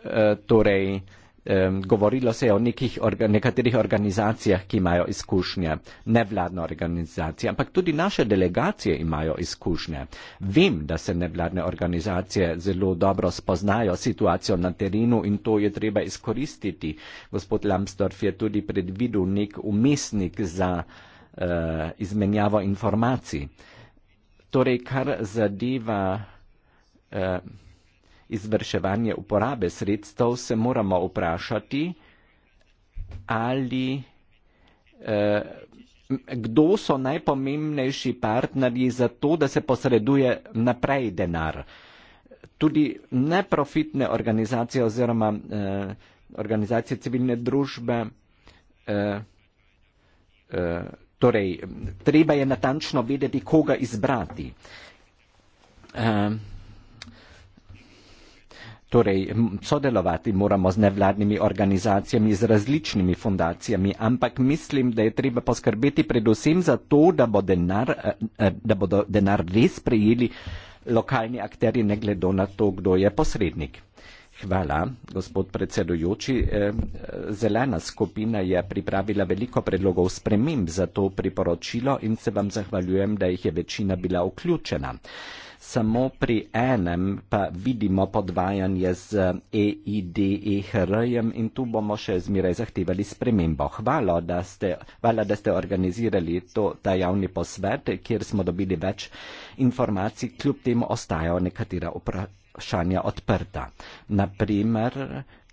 eh, torej, um, govorilo se je o nekih orga, nekaterih organizacijah, ki imajo izkušnje, nevladne organizacije, ampak tudi naše delegacije imajo izkušnje. Vem, da se nevladne organizacije zelo dobro spoznajo situacijo na terenu in to je treba izkoristiti. Gospod Lambsdorff je tudi predvidel nek umestnik za uh, izmenjavo informacij. Torej, kar zadeva. Uh, izvrševanje uporabe sredstev, se moramo vprašati, ali eh, kdo so najpomembnejši partnerji za to, da se posreduje naprej denar. Tudi neprofitne organizacije oziroma eh, organizacije civilne družbe, eh, torej treba je natančno vedeti, koga izbrati. Torej, Torej, sodelovati moramo z nevladnimi organizacijami, z različnimi fundacijami, ampak mislim, da je treba poskrbeti predvsem za to, da, bo denar, eh, eh, da bodo denar res prejeli lokalni akteri, ne glede na to, kdo je posrednik. Hvala, gospod predsedujoči. Eh, zelena skupina je pripravila veliko predlogov sprememb za to priporočilo in se vam zahvaljujem, da jih je večina bila vključena samo pri enem pa vidimo podvajanje z EIDEHR-jem e, e, in tu bomo še zmeraj zahtevali spremembo. Hvala, da ste, hvala, da ste organizirali to, ta javni posvet, kjer smo dobili več informacij, kljub temu ostajajo nekatera vprašanja odprta. Naprimer,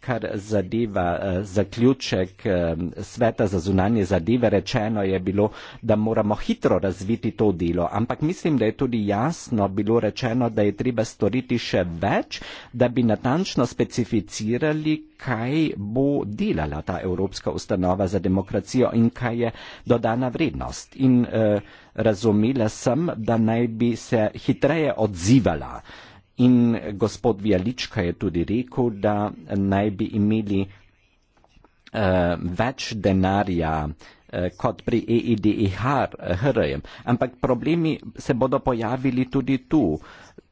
kar zadeva eh, zaključek eh, sveta za zunanje zadeve, rečeno je bilo, da moramo hitro razviti to delo, ampak mislim, da je tudi jasno bilo rečeno, da je treba storiti še več, da bi natančno specificirali, kaj bo delala ta Evropska ustanova za demokracijo in kaj je dodana vrednost. In eh, razumela sem, da naj bi se hitreje odzivala. In gospod Vjalička je tudi rekel, da naj bi imeli uh, več denarja uh, kot pri EIDIHR, ampak problemi se bodo pojavili tudi tu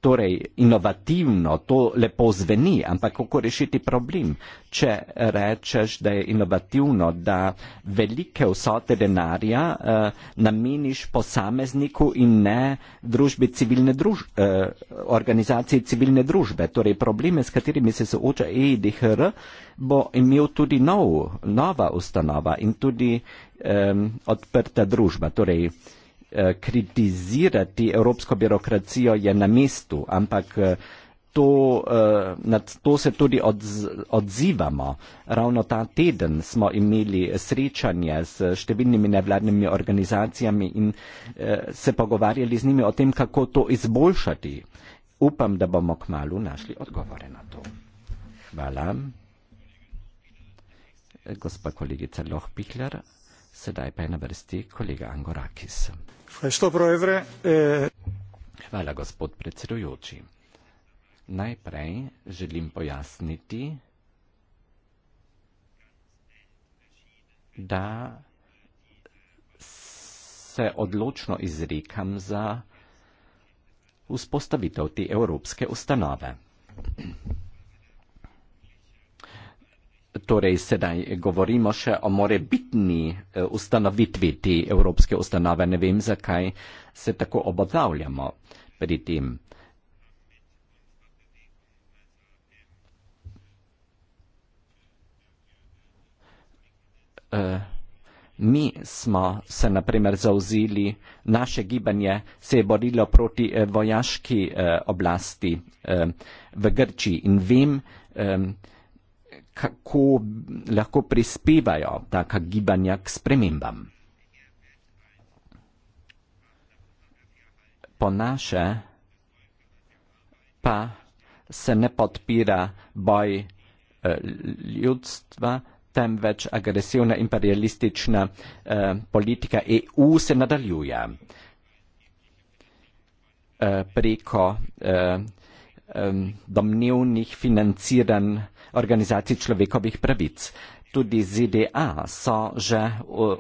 torej inovativno, to lepo zveni, ampak kako rešiti problem, če rečeš, da je inovativno, da velike vsote denarja eh, nameniš posamezniku in ne družbi civilne družbe, eh, organizaciji civilne družbe. Torej probleme, s katerimi se sooča EIDHR, bo imel tudi nov, nova ustanova in tudi eh, odprta družba. Torej, eh, Eh, kritizirati evropsko birokracijo je na mestu, ampak eh, to, eh, na to se tudi odzivamo. Ravno ta teden smo imeli srečanje s številnimi nevladnimi organizacijami in se pogovarjali z njimi o tem, kako to izboljšati. Upam, da bomo k malu našli odgovore na to. Hvala. Gospa kolegica Lohpihler, sedaj pa je na vrsti kolega Angorakis. Eh. Hvala, gospod predsedujoči. Najprej želim pojasniti, da se odločno izrekam za vzpostavitev te evropske ustanove torej sedaj govorimo še o morebitni eh, ustanovitvi te evropske ustanove. Ne vem, zakaj se tako obotavljamo pri tem. Eh, mi smo se naprimer zauzili, naše gibanje se je borilo proti eh, vojaški oblasti v Grčiji in vem, da kako lahko prispevajo taka gibanja k spremembam. Po naše pa se ne podpira boj eh, ljudstva, temveč agresivna imperialistična eh, politika EU se nadaljuje eh, preko domnevnih financiranj organizacij človekovih pravic. Tudi ZDA so že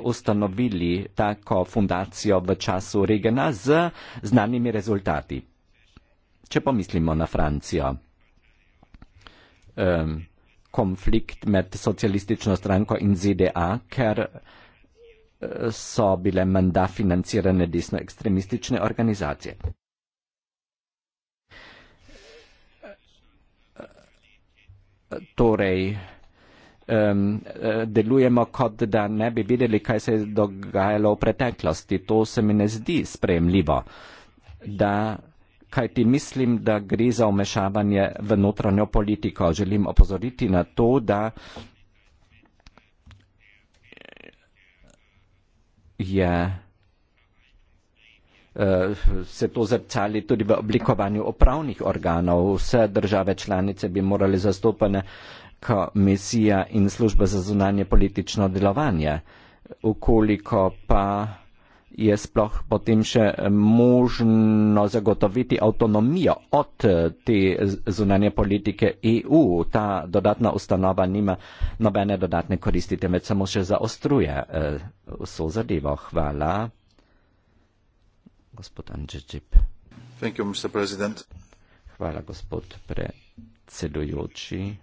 ustanovili tako fundacijo v času Regena z znanimi rezultati. Če pomislimo na Francijo, konflikt med socialistično stranko in ZDA, ker eh, so bile menda financirane desno ekstremistične organizacije. torej um, delujemo, kot da ne bi videli, kaj se je dogajalo v preteklosti. To se mi ne zdi spremljivo, da, kaj ti mislim, da gre za umešavanje v notranjo politiko. Želim opozoriti na to, da je. Yeah. Eh, se to zrcali tudi v oblikovanju upravnih organov. Vse države članice bi morali zastopane komisija in služba za zunanje politično delovanje. Ukoliko pa je sploh potem še možno zagotoviti avtonomijo od eh, te zunanje politike EU. Ta dodatna ustanova nima nobene dodatne koristi, temveč samo še zaostruje eh, vso zadevo. Hvala gospod Andžičip. Hvala, gospod predsedujoči.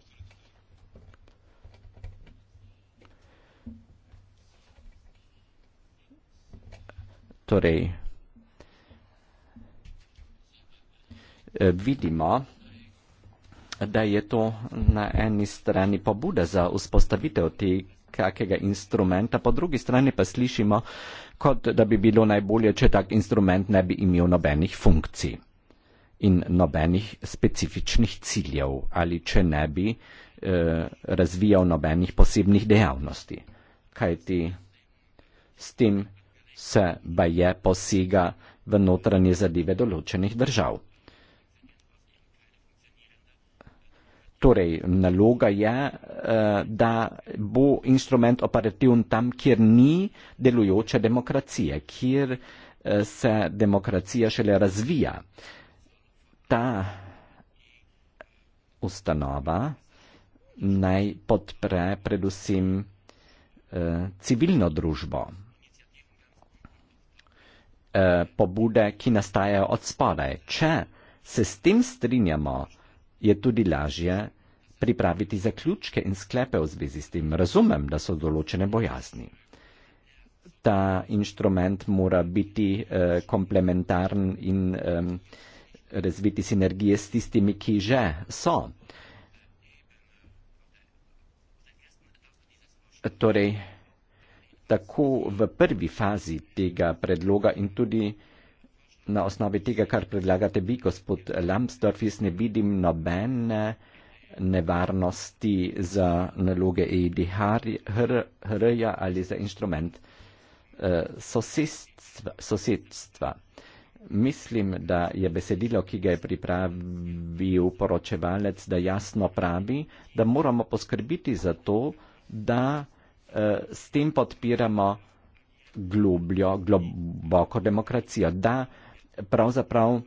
Torej, eh, vidimo, da je to na eni strani pobuda za vzpostavitev te kakega instrumenta, po drugi strani pa slišimo, kot da bi bilo najbolje, če tak instrument ne bi imel nobenih funkcij in nobenih specifičnih ciljev ali če ne bi eh, razvijal nobenih posebnih dejavnosti. Kaj ti s tem se baje posega v notranje zadeve določenih držav? Torej, naloga je, eh, da bo instrument operativen tam, kjer ni delujoče demokracije, kjer eh, se demokracija šele razvija. Ta ustanova naj podpre predvsem eh, civilno družbo, pobude, ki nastajajo od spodaj. Če se s tem strinjamo, je tudi lažje pripraviti zaključke in sklepe v zvezi s tem. Razumem, da so določene bojazni. Ta inštrument mora biti eh, komplementaren in eh, razviti sinergije s tistimi, ki že so. Torej, tako v prvi fazi tega predloga in tudi eh, na osnovi tega, kar predlagate vi, gospod Lambsdorff, jaz ne vidim nobene nevarnosti za naloge EDHR-ja ali za instrument eh, sosedstva. Mislim, da je besedilo, ki ga je pripravil poročevalec, da jasno pravi, da moramo poskrbiti za to, da eh, s tem podpiramo globljo, globoko demokracijo, da pravzaprav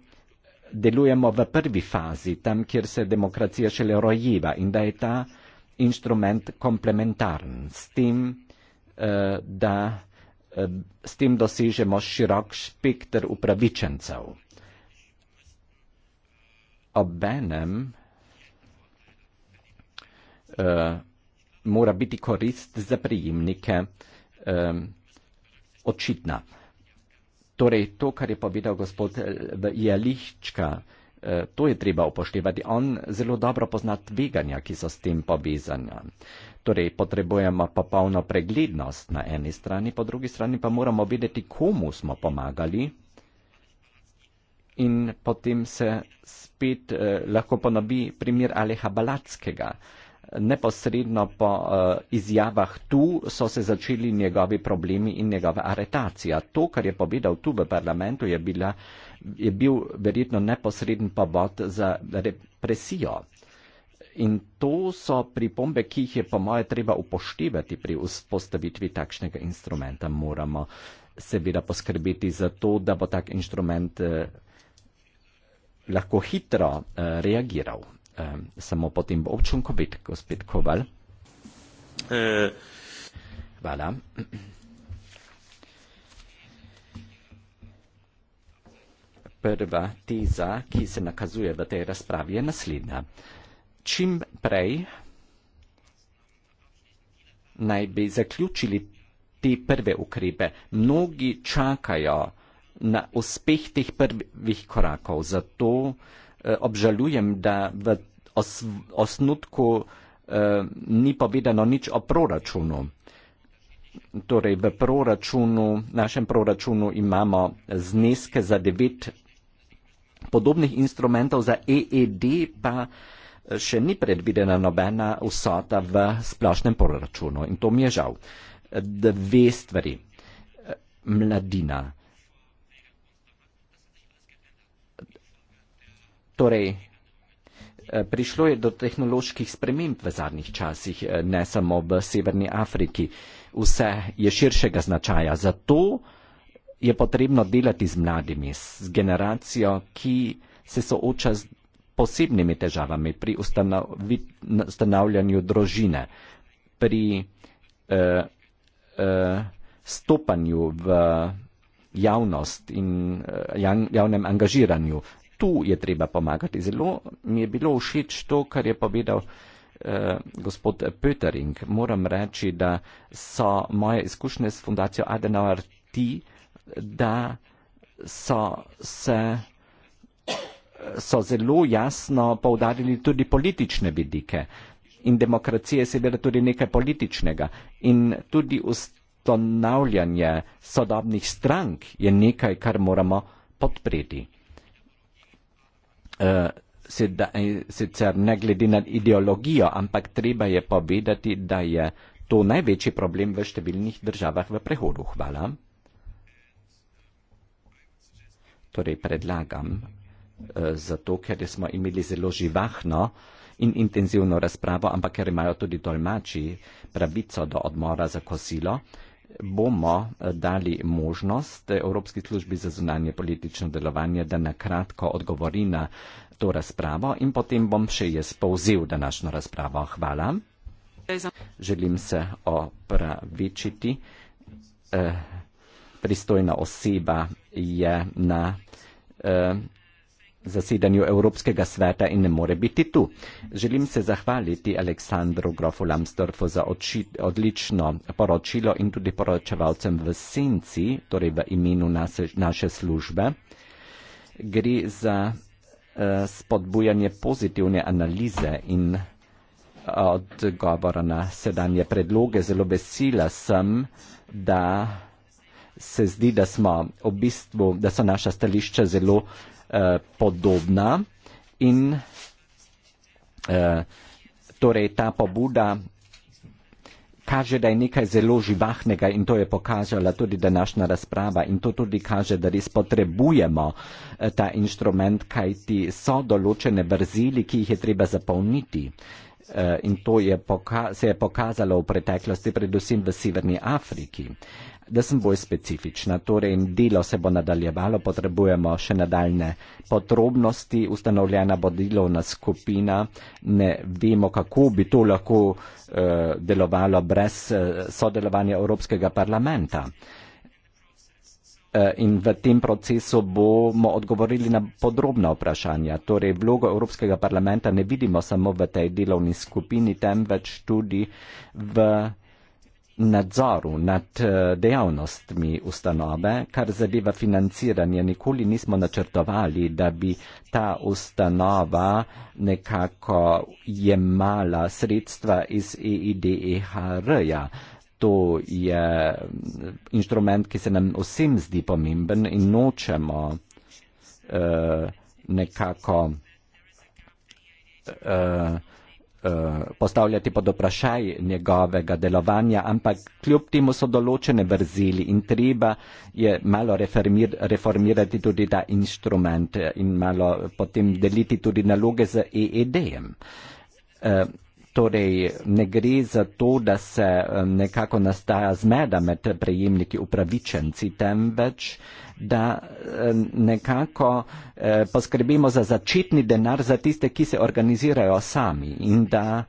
delujemo v prvi fazi, tam, kjer se demokracija šele rojiva in da je ta inštrument komplementaren s tem, eh, da eh, s tem dosežemo širok spektr upravičencev. Obenem eh, mora biti korist za prijemnike očitna. Torej, to, kar je povedal gospod eh, Jelička, eh, to je treba upoštevati. On zelo dobro pozna tveganja, ki so s tem povezana. Torej, potrebujemo popolno preglednost na eni strani, po drugi strani pa moramo vedeti, komu smo pomagali. In potem se spet eh, lahko ponovi primer Aleha Balackega. Eh, neposredno po uh, izjavah tu so se začeli njegovi problemi in njegova aretacija. To, kar je povedal tu v parlamentu, je, bila, je bil verjetno neposreden povod za represijo. In to so pripombe, ki jih je po moje treba upoštevati pri vzpostavitvi takšnega instrumenta. Moramo seveda poskrbeti za to, da bo tak instrument eh, lahko hitro eh, reagiral samo potem v občunku biti, ko spet koval. Uh. Hvala. Prva teza, ki se nakazuje v tej razpravi, je naslednja. Čim prej naj bi zaključili te prve ukrepe. Mnogi čakajo na uspeh teh prvih korakov, zato uh, E, obžalujem, da v os, osnutku eh, ni povedano nič o proračunu. Torej, v proračunu, našem proračunu imamo zneske za devet podobnih instrumentov, za EED pa e, še ni predvidena nobena vsota v splošnem proračunu. In to mi je žal. E, dve stvari. Mladina. Torej, eh, prišlo je do tehnoloških sprememb v zadnjih časih, eh, ne samo v Severni Afriki. Vse je širšega značaja. Zato je potrebno delati z mladimi, z generacijo, ki se sooča z posebnimi težavami pri ustanavljanju družine, pri uh, uh, stopanju v javnost in uh, javnem angažiranju tu je treba pomagati. Zelo mi je bilo všeč to, kar je povedal eh, gospod Pötering. Moram reči, da so moje izkušnje s fundacijo Adenauer ti, da so se so zelo jasno povdarili tudi politične vidike in demokracija je seveda tudi nekaj političnega in tudi ustanavljanje sodobnih strank je nekaj, kar moramo podpreti. Eh, Sedaj, eh, sicer ne glede na ideologijo, ampak treba je povedati, da je to največji problem v številnih državah v prehodu. Hvala. Torej predlagam, eh, zato ker smo imeli zelo živahno in intenzivno razpravo, ampak ker imajo tudi dolmači pravico do odmora za kosilo bomo eh, dali možnost Evropski službi za zunanje politično delovanje, da nakratko odgovori na to razpravo in potem bom še jaz povzel današnjo razpravo. Hvala. Želim se opravičiti. Eh, pristojna oseba je na eh, zasedanju Evropskega sveta in ne more biti tu. Želim se zahvaliti Aleksandru Grofu Lamstorfu za oči, odlično poročilo in tudi poročevalcem v Senci, torej v imenu nase, naše službe. Gre za uh, spodbujanje pozitivne analize in eh, odgovora na sedanje predloge. Zelo vesela sem, da se zdi, da, smo, v bistvu, da so naša stališča zelo Eh, podobna in eh, torej ta pobuda kaže, da je nekaj zelo živahnega in to je pokazala tudi današnja razprava in to tudi kaže, da res potrebujemo eh, ta inštrument, kajti so določene brzili, ki jih je treba zapolniti. In to je se je pokazalo v preteklosti, predvsem v Severni Afriki da sem bolj specifična. Torej, delo se bo nadaljevalo, potrebujemo še nadaljne podrobnosti, ustanovljena bo delovna skupina, ne vemo, kako bi to lahko uh, delovalo brez uh, sodelovanja Evropskega parlamenta. Eh, in v tem procesu bomo odgovorili na podrobna vprašanja. Torej, vlogo Evropskega parlamenta ne vidimo samo v tej delovni skupini, temveč tudi v nadzoru nad eh, dejavnostmi ustanove, kar zadeva financiranje, nikoli nismo načrtovali, da bi ta ustanova nekako jemala sredstva iz EIDEHR-ja. To je mm, inštrument, ki se nam vsem zdi pomemben in nočemo uh, nekako uh, Eh, postavljati pod vprašaj njegovega delovanja, ampak kljub temu so določene vrzeli in treba je malo reformir, reformirati tudi ta inštrument in malo potem deliti tudi naloge z EED-jem. Uh, eh, Torej, ne gre za to, da se um, nekako nastaja zmeda med prejemniki upravičenci, temveč, da um, nekako eh, poskrbimo za začetni denar za tiste, ki se organizirajo sami in da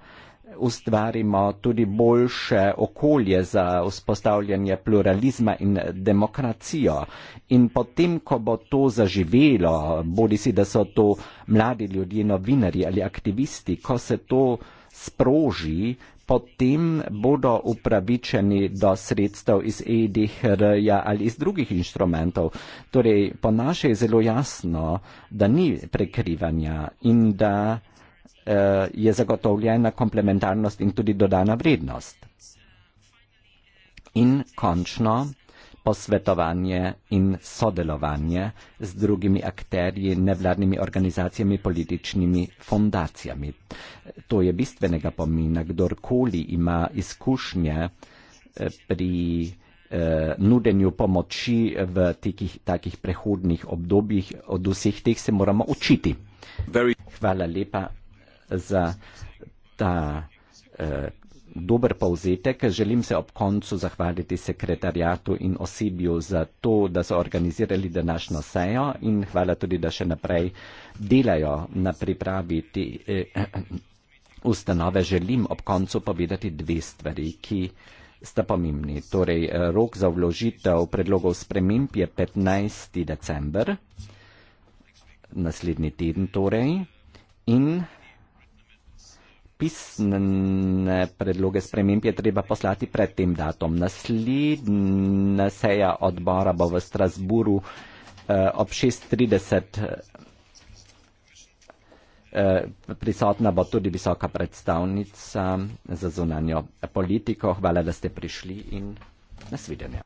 ustvarimo tudi boljše okolje za vzpostavljanje pluralizma in demokracijo. In potem, ko bo to zaživelo, bodi si, da so to mladi ljudje, novinari ali aktivisti, ko se to sproži, potem bodo upravičeni do sredstev iz EDHR-ja ali iz drugih inštrumentov. Torej, po naše je zelo jasno, da ni prekrivanja in da eh, je zagotovljena komplementarnost in tudi dodana vrednost. In končno, posvetovanje in sodelovanje z drugimi akterji, nevladnimi organizacijami, političnimi fundacijami. To je bistvenega pomena, kdorkoli ima izkušnje eh, pri eh, nudenju pomoči v tekih, takih prehodnih obdobjih, od vseh teh se moramo učiti. Hvala lepa za ta eh, dober povzetek. Želim se ob koncu zahvaliti sekretarjatu in osebju za to, da so organizirali današnjo sejo in hvala tudi, da še naprej delajo na pripravi te eh, ustanove. Želim ob koncu povedati dve stvari, ki sta pomembni. Torej, eh, rok za vložitev predlogov sprememb je 15. december, naslednji teden torej. In pisne predloge sprememb je treba poslati pred tem datom. Naslednja seja odbora bo v Strasburu eh, ob 6.30. Eh, prisotna bo tudi visoka predstavnica za zunanjo politiko. Hvala, da ste prišli in nasvidenje.